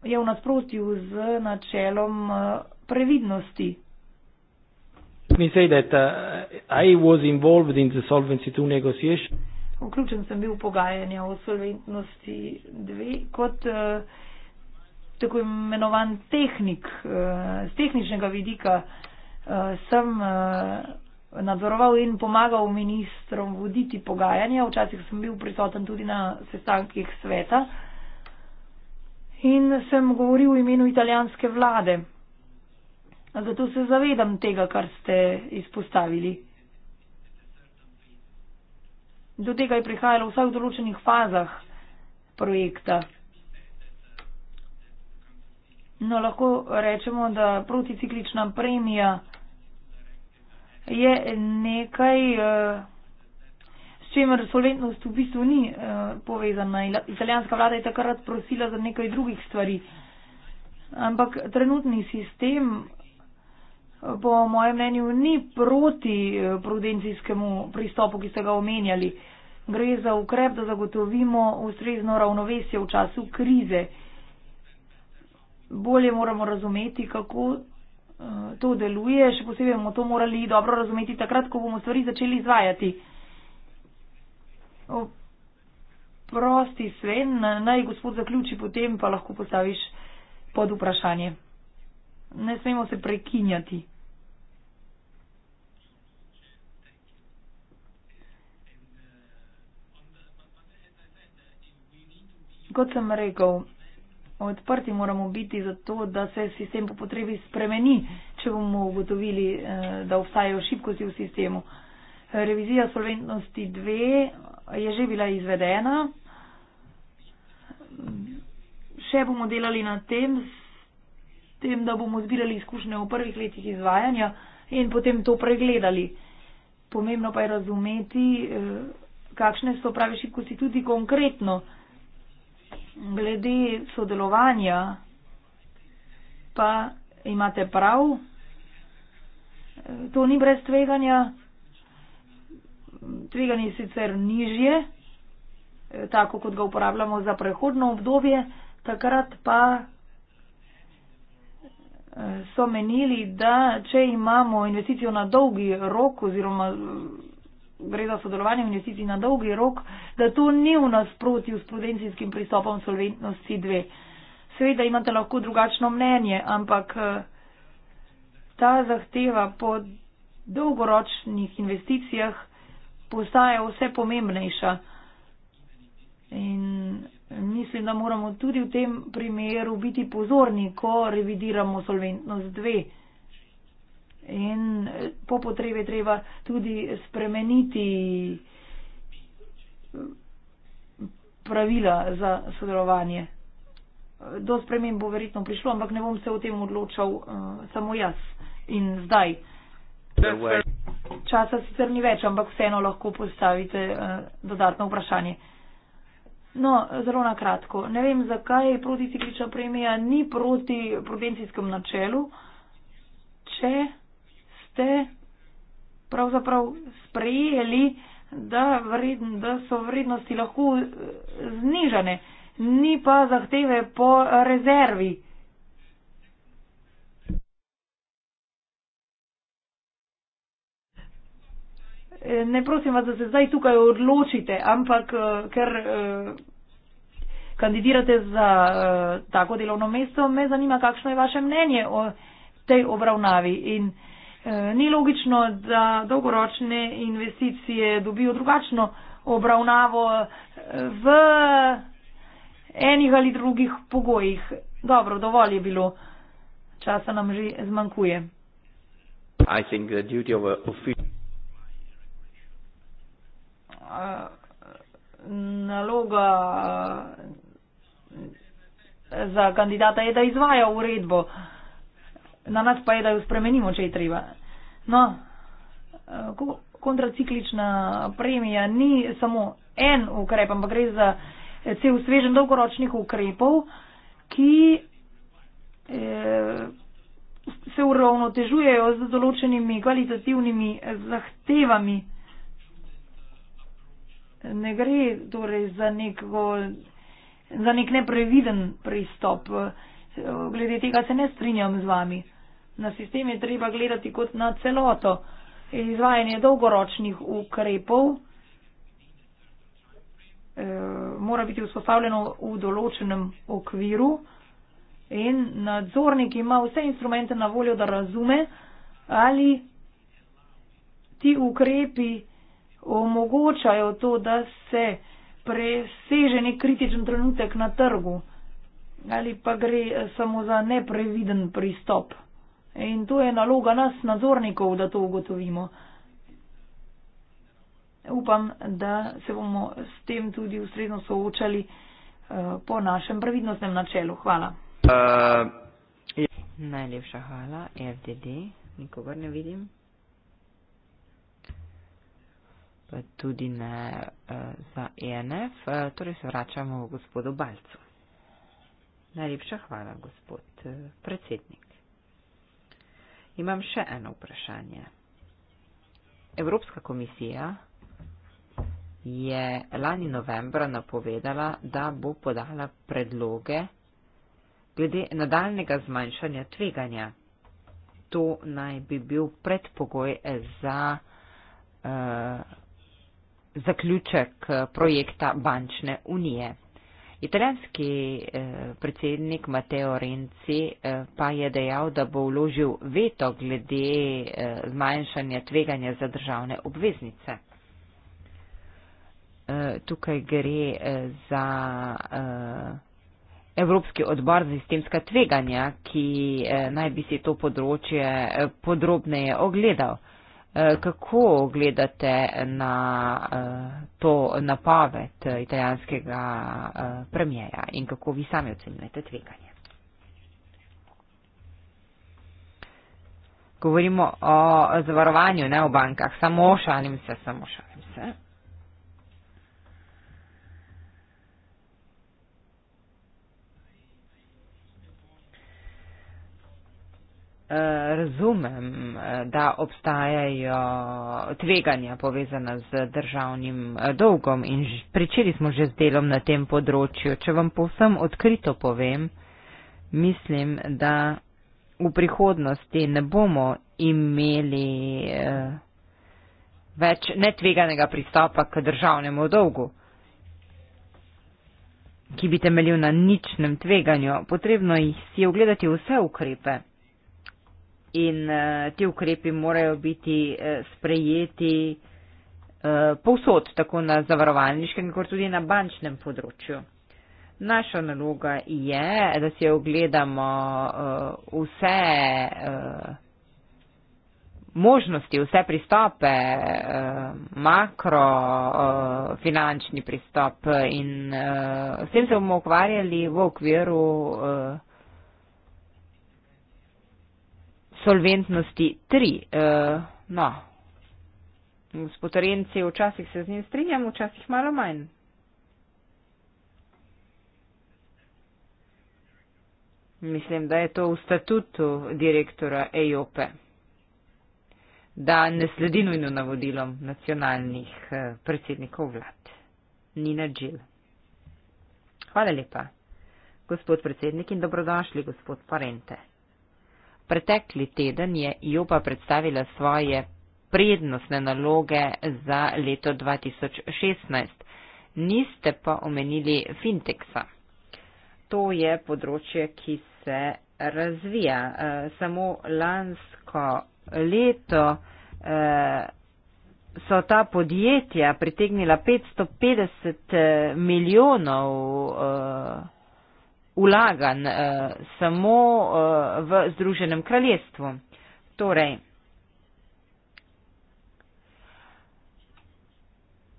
je v nasprotju z načelom eh, previdnosti. Let me say that uh, I was involved in the solvency 2 negotiation vključen sem bil v pogajanja o solventnosti dve kot eh, tako imenovan tehnik. Z eh, tehničnega vidika eh, sem nadzoroval in pomagal ministrom voditi pogajanja. Včasih sem bil prisoten tudi na sestankih sveta in sem govoril v imenu italijanske vlade. Zato se zavedam tega, kar ste izpostavili. Do tega je prihajalo vsaj v določenih fazah projekta. No, lahko rečemo, da proticiklična premija je nekaj, eh, s čemer solventnost v bistvu ni eh, povezana. Italijanska vlada je takrat prosila za nekaj drugih stvari. Ampak trenutni sistem po mojem mnenju ni proti eh, prudencijskemu pristopu, ki ste ga omenjali. Gre za ukrep, da zagotovimo ustrezno ravnovesje v času krize. Bolje moramo razumeti, kako eh, to deluje, še posebej bomo to morali dobro razumeti takrat, ko bomo stvari začeli izvajati. O, prosti Sven, naj gospod zaključi, potem pa lahko postaviš pod vprašanje. Ne smemo se prekinjati. kot sem rekel, odprti moramo biti za to, da se sistem po potrebi spremeni, če bomo ugotovili, eh, da obstajajo šibkosti v sistemu. Revizija solventnosti 2 je že bila izvedena. Še bomo delali na tem, tem, da bomo zbirali izkušnje v prvih letih izvajanja in potem to pregledali. Pomembno pa je razumeti, eh, kakšne so pravi šibkosti tudi konkretno glede sodelovanja pa imate prav, to ni brez tveganja, tveganje sicer nižje, tako kot ga uporabljamo za prehodno obdobje, takrat pa eh, so menili, da če imamo investicijo na dolgi rok oziroma gre za sodelovanje v investiciji na dolgi rok, da to ni v nasprotju s prudencijskim pristopom solventnosti 2. Seveda imate lahko drugačno mnenje, ampak eh, ta zahteva po dolgoročnih investicijah postaja vse pomembnejša. In mislim, da moramo tudi v tem primeru biti pozorni, ko revidiramo solventnost 2 in eh, po potrebi treba tudi spremeniti eh, pravila za sodelovanje. Do sprememb bo verjetno prišlo, ampak ne bom se o tem odločal uh, samo jaz in zdaj. Časa sicer ni več, ampak vseeno lahko postavite uh, dodatno vprašanje. No, zelo na kratko. Ne vem, zakaj proticiklična premija ni proti prudencijskem načelu, če ste pravzaprav sprejeli, da, vredn, da so vrednosti lahko eh, znižane, ni pa zahteve po rezervi. Eh, ne prosim vas, da se zdaj tukaj odločite, ampak eh, ker kandidirate za tako delovno mesto, me zanima, kakšno je vaše mnenje o tej obravnavi. In, uh, Eh, ni logično, da dolgoročne investicije dobijo drugačno obravnavo eh, v enih ali drugih pogojih. Dobro, dovolj je bilo. Časa nam že zmanjkuje. Eh, naloga za kandidata je, da izvaja uredbo. Uh, na nas pa je, da jo spremenimo, če je treba. No, eh, kontraciklična premija ni samo en ukrep, ampak gre za eh, cel svežen dolgoročnih ukrepov, ki eh, se uravnotežujejo z določenimi kvalitativnimi zahtevami. Ne gre torej za, neko, za nek nepreviden pristop. Glede tega se ne strinjam z vami. Na sistem je treba gledati kot na celoto. Izvajanje dolgoročnih ukrepov e, mora biti vzpostavljeno v določenem okviru in nadzornik ima vse instrumente na voljo, da razume, ali ti ukrepi omogočajo to, da se preseže nek kritičen trenutek na trgu ali pa gre eh, samo za nepreviden pristop. In to je naloga nas, nadzornikov, da to ugotovimo. Upam, da se bomo s tem tudi ustrezno soočali uh, po našem previdnostnem načelu. Hvala. Uh, Najlepša hvala, FDD. Nikogar ne vidim. Pa tudi ne uh, za ENF. Uh, torej se vračamo v gospodu Balcu. Najlepša hvala, gospod uh, predsednik imam še eno vprašanje. Evropska komisija je lani novembra napovedala, da bo podala predloge glede nadaljnega zmanjšanja tveganja. To naj bi bil predpogoj za uh, zaključek projekta bančne unije. Italijanski eh, predsednik Mateo Renci eh, pa je dejal, da bo vložil veto glede eh, zmanjšanja tveganja za državne obveznice. Tukaj gre za Evropski odbor za sistemska tveganja, ki naj bi si to področje podrobneje ogledal. Eh, kako gledate na eh, to napoved italijanskega eh, premjera in kako vi sami ocenjujete tveganje? Govorimo o zavarovanju, ne o bankah. Samo šalim se, samo šalim se. razumem, da obstajajo tveganja povezana z državnim eh, dolgom in pričeli smo že z delom na tem področju. Če vam povsem odkrito povem, mislim, da v prihodnosti ne bomo imeli eh, več netveganega pristopa k državnemu dolgu ki bi temeljil na ničnem tveganju, potrebno jih si ogledati vse ukrepe, in uh, ti ukrepi morajo biti uh, sprejeti uh, povsod, tako na zavarovalniškem, kot tudi na bančnem področju. Naša naloga je, da si ogledamo uh, vse uh, možnosti, vse pristope, uh, makrofinančni uh, pristop in uh, s tem se bomo ukvarjali v okviru uh, solventnosti 3. Uh, eh, no, gospod Renci, včasih se z njim strinjam, včasih malo manj. Mislim, da je to v statutu direktora EOP, da ne sledi nujno navodilom nacionalnih eh, predsednikov vlad. Nina Džil. Hvala lepa, gospod predsednik, in dobrodošli, gospod Parente. Pretekli teden je Joba predstavila svoje prednostne naloge za leto 2016, niste pa omenili Fintexa. To je področje, ki se razvija. E, samo lansko leto e, so ta podjetja pritegnila 550 e, milijonov vlagan uh, samo uh, v Združenem kraljestvu. Torej,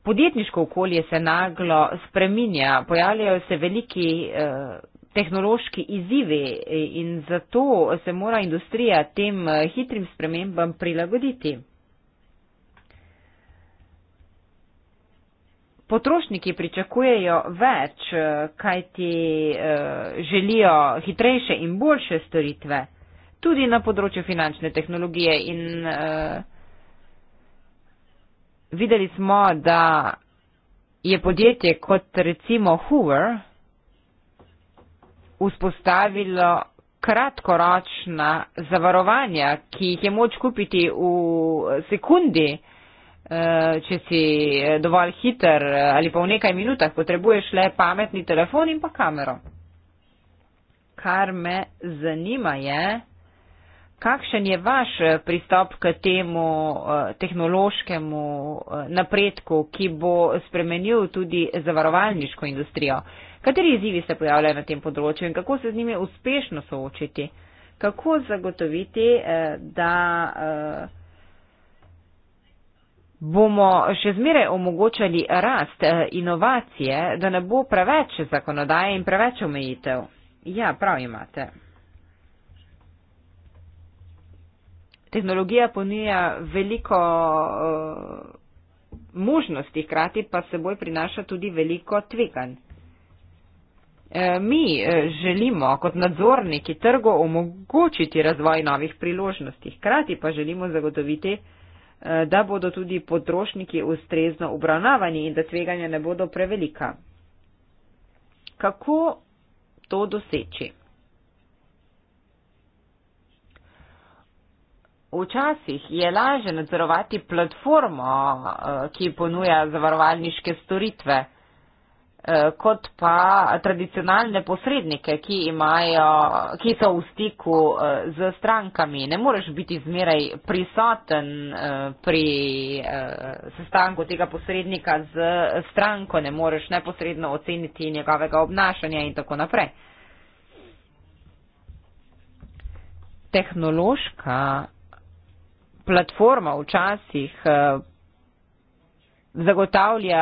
podjetniško okolje se naglo spreminja, pojavljajo se veliki uh, tehnološki izzivi in zato se mora industrija tem uh, hitrim spremembam prilagoditi. potrošniki pričakujejo več, eh, kajti eh, želijo hitrejše in boljše storitve, tudi na področju finančne tehnologije. In eh, videli smo, da je podjetje kot recimo Hoover vzpostavilo kratkoročna zavarovanja, ki jih je moč kupiti v sekundi, Eh, če si eh, dovolj hiter eh, ali pa v nekaj minutah potrebuješ le pametni telefon in pa kamero. Kar me zanima je, kakšen je vaš pristop k temu tehnološkemu napredku, ki bo spremenil tudi zavarovalniško industrijo. Kateri izzivi se pojavljajo na tem področju in kako se z njimi uspešno soočiti? Kako zagotoviti, da. Uh, Bomo še zmeraj omogočali rast eh, inovacije, da ne bo preveč zakonodaje in preveč omejitev. Ja, prav imate. Tehnologija ponuja veliko uh, možnosti, hkrati pa seboj prinaša tudi veliko tveganj. Eh, mi želimo kot nadzorniki trgo omogočiti razvoj novih priložnosti, hkrati pa želimo zagotoviti, Eh, da bodo tudi potrošniki ustrezno obravnavani in da tveganja ne bodo prevelika. Kako to doseči? Včasih je lažje nadzorovati platformo, eh, ki ponuja zavarovalniške storitve. Eh, kot pa tradicionalne posrednike, ki, imajo, ki so v stiku eh, z strankami. Ne moreš biti zmeraj prisoten eh, pri sestanku tega posrednika z stranko, ne moreš neposredno oceniti njegovega obnašanja in tako naprej. Tehnološka platforma včasih zagotavlja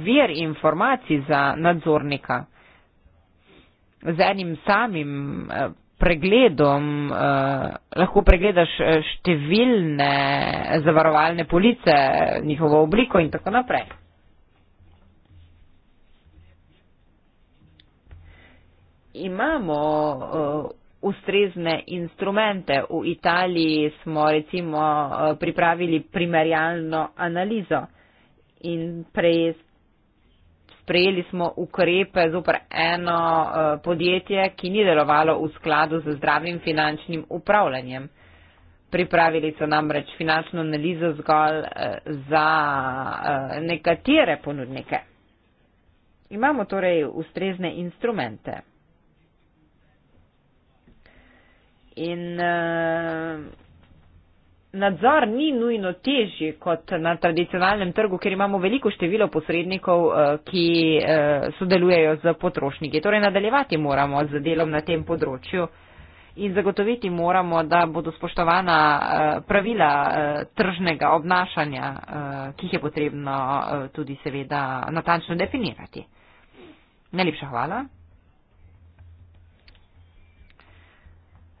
vir informacij za nadzornika. Z enim samim eh, pregledom eh, lahko pregledaš eh, številne zavarovalne police, njihovo obliko in tako naprej. Imamo uh, ustrezne instrumente. V Italiji smo recimo uh, pripravili primerjalno analizo in prej sprejeli smo ukrepe zopr eno eh, podjetje, ki ni delovalo v skladu z zdravim finančnim upravljanjem. Pripravili so namreč finančno analizo zgolj eh, za eh, nekatere ponudnike. Imamo torej ustrezne instrumente. In nadzor ni nujno težji kot na tradicionalnem trgu, ker imamo veliko število posrednikov, eh, ki eh, sodelujejo z potrošniki. Torej, nadaljevati moramo z delom na tem področju in zagotoviti moramo, da bodo spoštovana eh, pravila tržnega obnašanja, ki jih je potrebno tudi seveda natančno definirati. Najlepša hvala.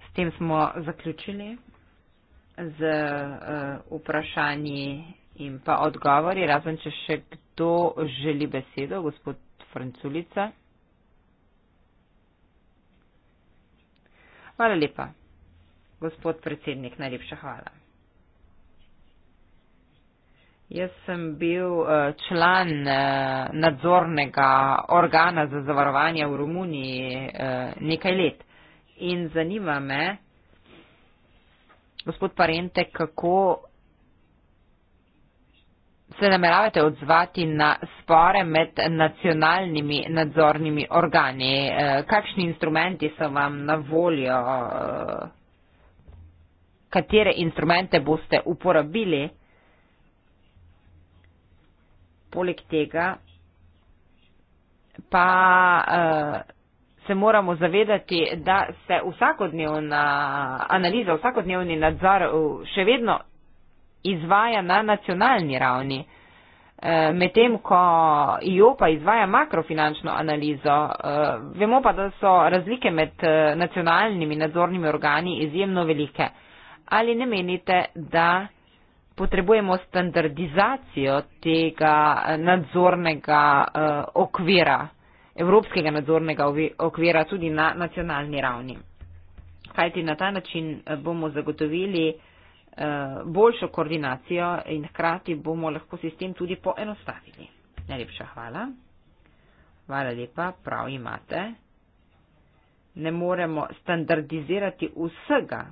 S tem smo zaključili z uh, vprašanji in pa odgovori, razen če še kdo želi besedo, gospod Franculica. Hvala lepa, gospod predsednik, najlepša hvala. Jaz sem bil eh, član eh, nadzornega organa za zavarovanje v Romuniji nekaj let in zanima me, gospod Parente, kako se nameravate odzvati na spore med nacionalnimi nadzornimi organi? Eh, kakšni instrumenti so vam na voljo? Eh, katere instrumente boste uporabili? Poleg tega pa. Uh, se moramo zavedati, da se vsakodnevna analiza, vsakodnevni nadzor uh, še vedno izvaja na nacionalni ravni, eh, medtem ko IO pa izvaja makrofinančno analizo. Eh, vemo pa, da so razlike med eh, nacionalnimi nadzornimi organi izjemno velike. Ali ne menite, da potrebujemo standardizacijo tega nadzornega okvira? evropskega nadzornega okvira tudi na nacionalni ravni. Kajti na ta način eh, bomo zagotovili eh, boljšo koordinacijo in hkrati bomo lahko sistem tudi poenostavili. Najlepša hvala. Hvala lepa, prav imate. Ne moremo standardizirati vsega.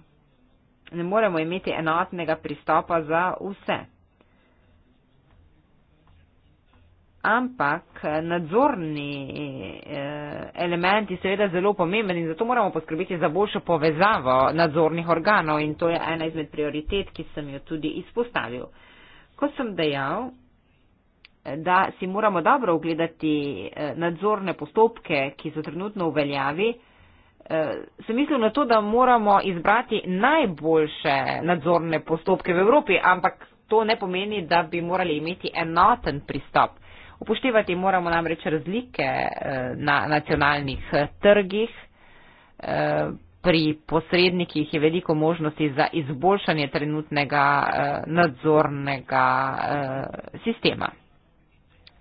Ne moremo imeti enotnega pristopa za vse. ampak nadzorni eh, elementi seveda zelo pomembni in zato moramo poskrbeti za boljšo povezavo nadzornih organov in to je ena izmed prioritet, ki sem jo tudi izpostavil. Ko sem dejal, da si moramo dobro ogledati eh, nadzorne postopke, ki so trenutno uveljavi, eh, sem mislil na to, da moramo izbrati najboljše nadzorne postopke v Evropi, ampak to ne pomeni, da bi morali imeti enoten pristop. Upoštevati moramo namreč razlike eh, na nacionalnih eh, trgih. Eh, pri posrednikih je veliko možnosti za izboljšanje trenutnega nadzornega sistema.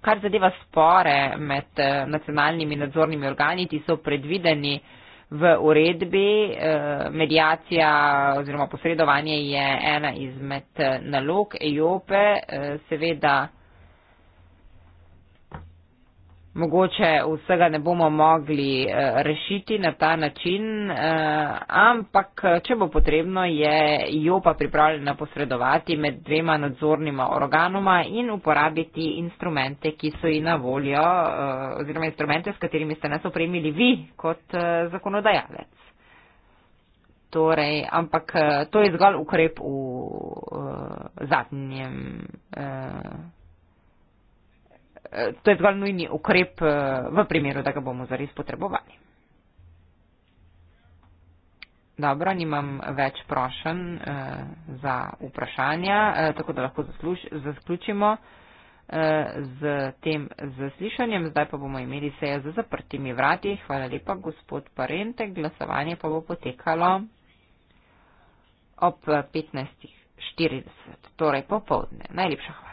Kar zadeva spore med nacionalnimi nadzornimi organi, ti so predvideni v uredbi. Medijacija oziroma posredovanje je ena izmed nalog EJOPE. E, seveda mogoče vsega ne bomo mogli eh, rešiti na ta način, eh, ampak eh, če bo potrebno, je JOPA pripravljena posredovati med dvema nadzornima organoma in uporabiti instrumente, ki so ji na voljo, oziroma instrumente, s katerimi ste nas opremili vi kot zakonodajalec. Torej, ampak to je zgolj ukrep v zadnjem Eh, to je zgolj nujni ukrep eh, v primeru, da ga bomo zares potrebovali. Dobro, nimam več prošen eh, za vprašanja, eh, tako da lahko zaključimo eh, z tem zaslišanjem. Zdaj pa bomo imeli sejo za zaprtimi vrati. Hvala lepa, gospod Parente. Glasovanje pa bo potekalo ob 15.40, torej popovdne. Najlepša hvala.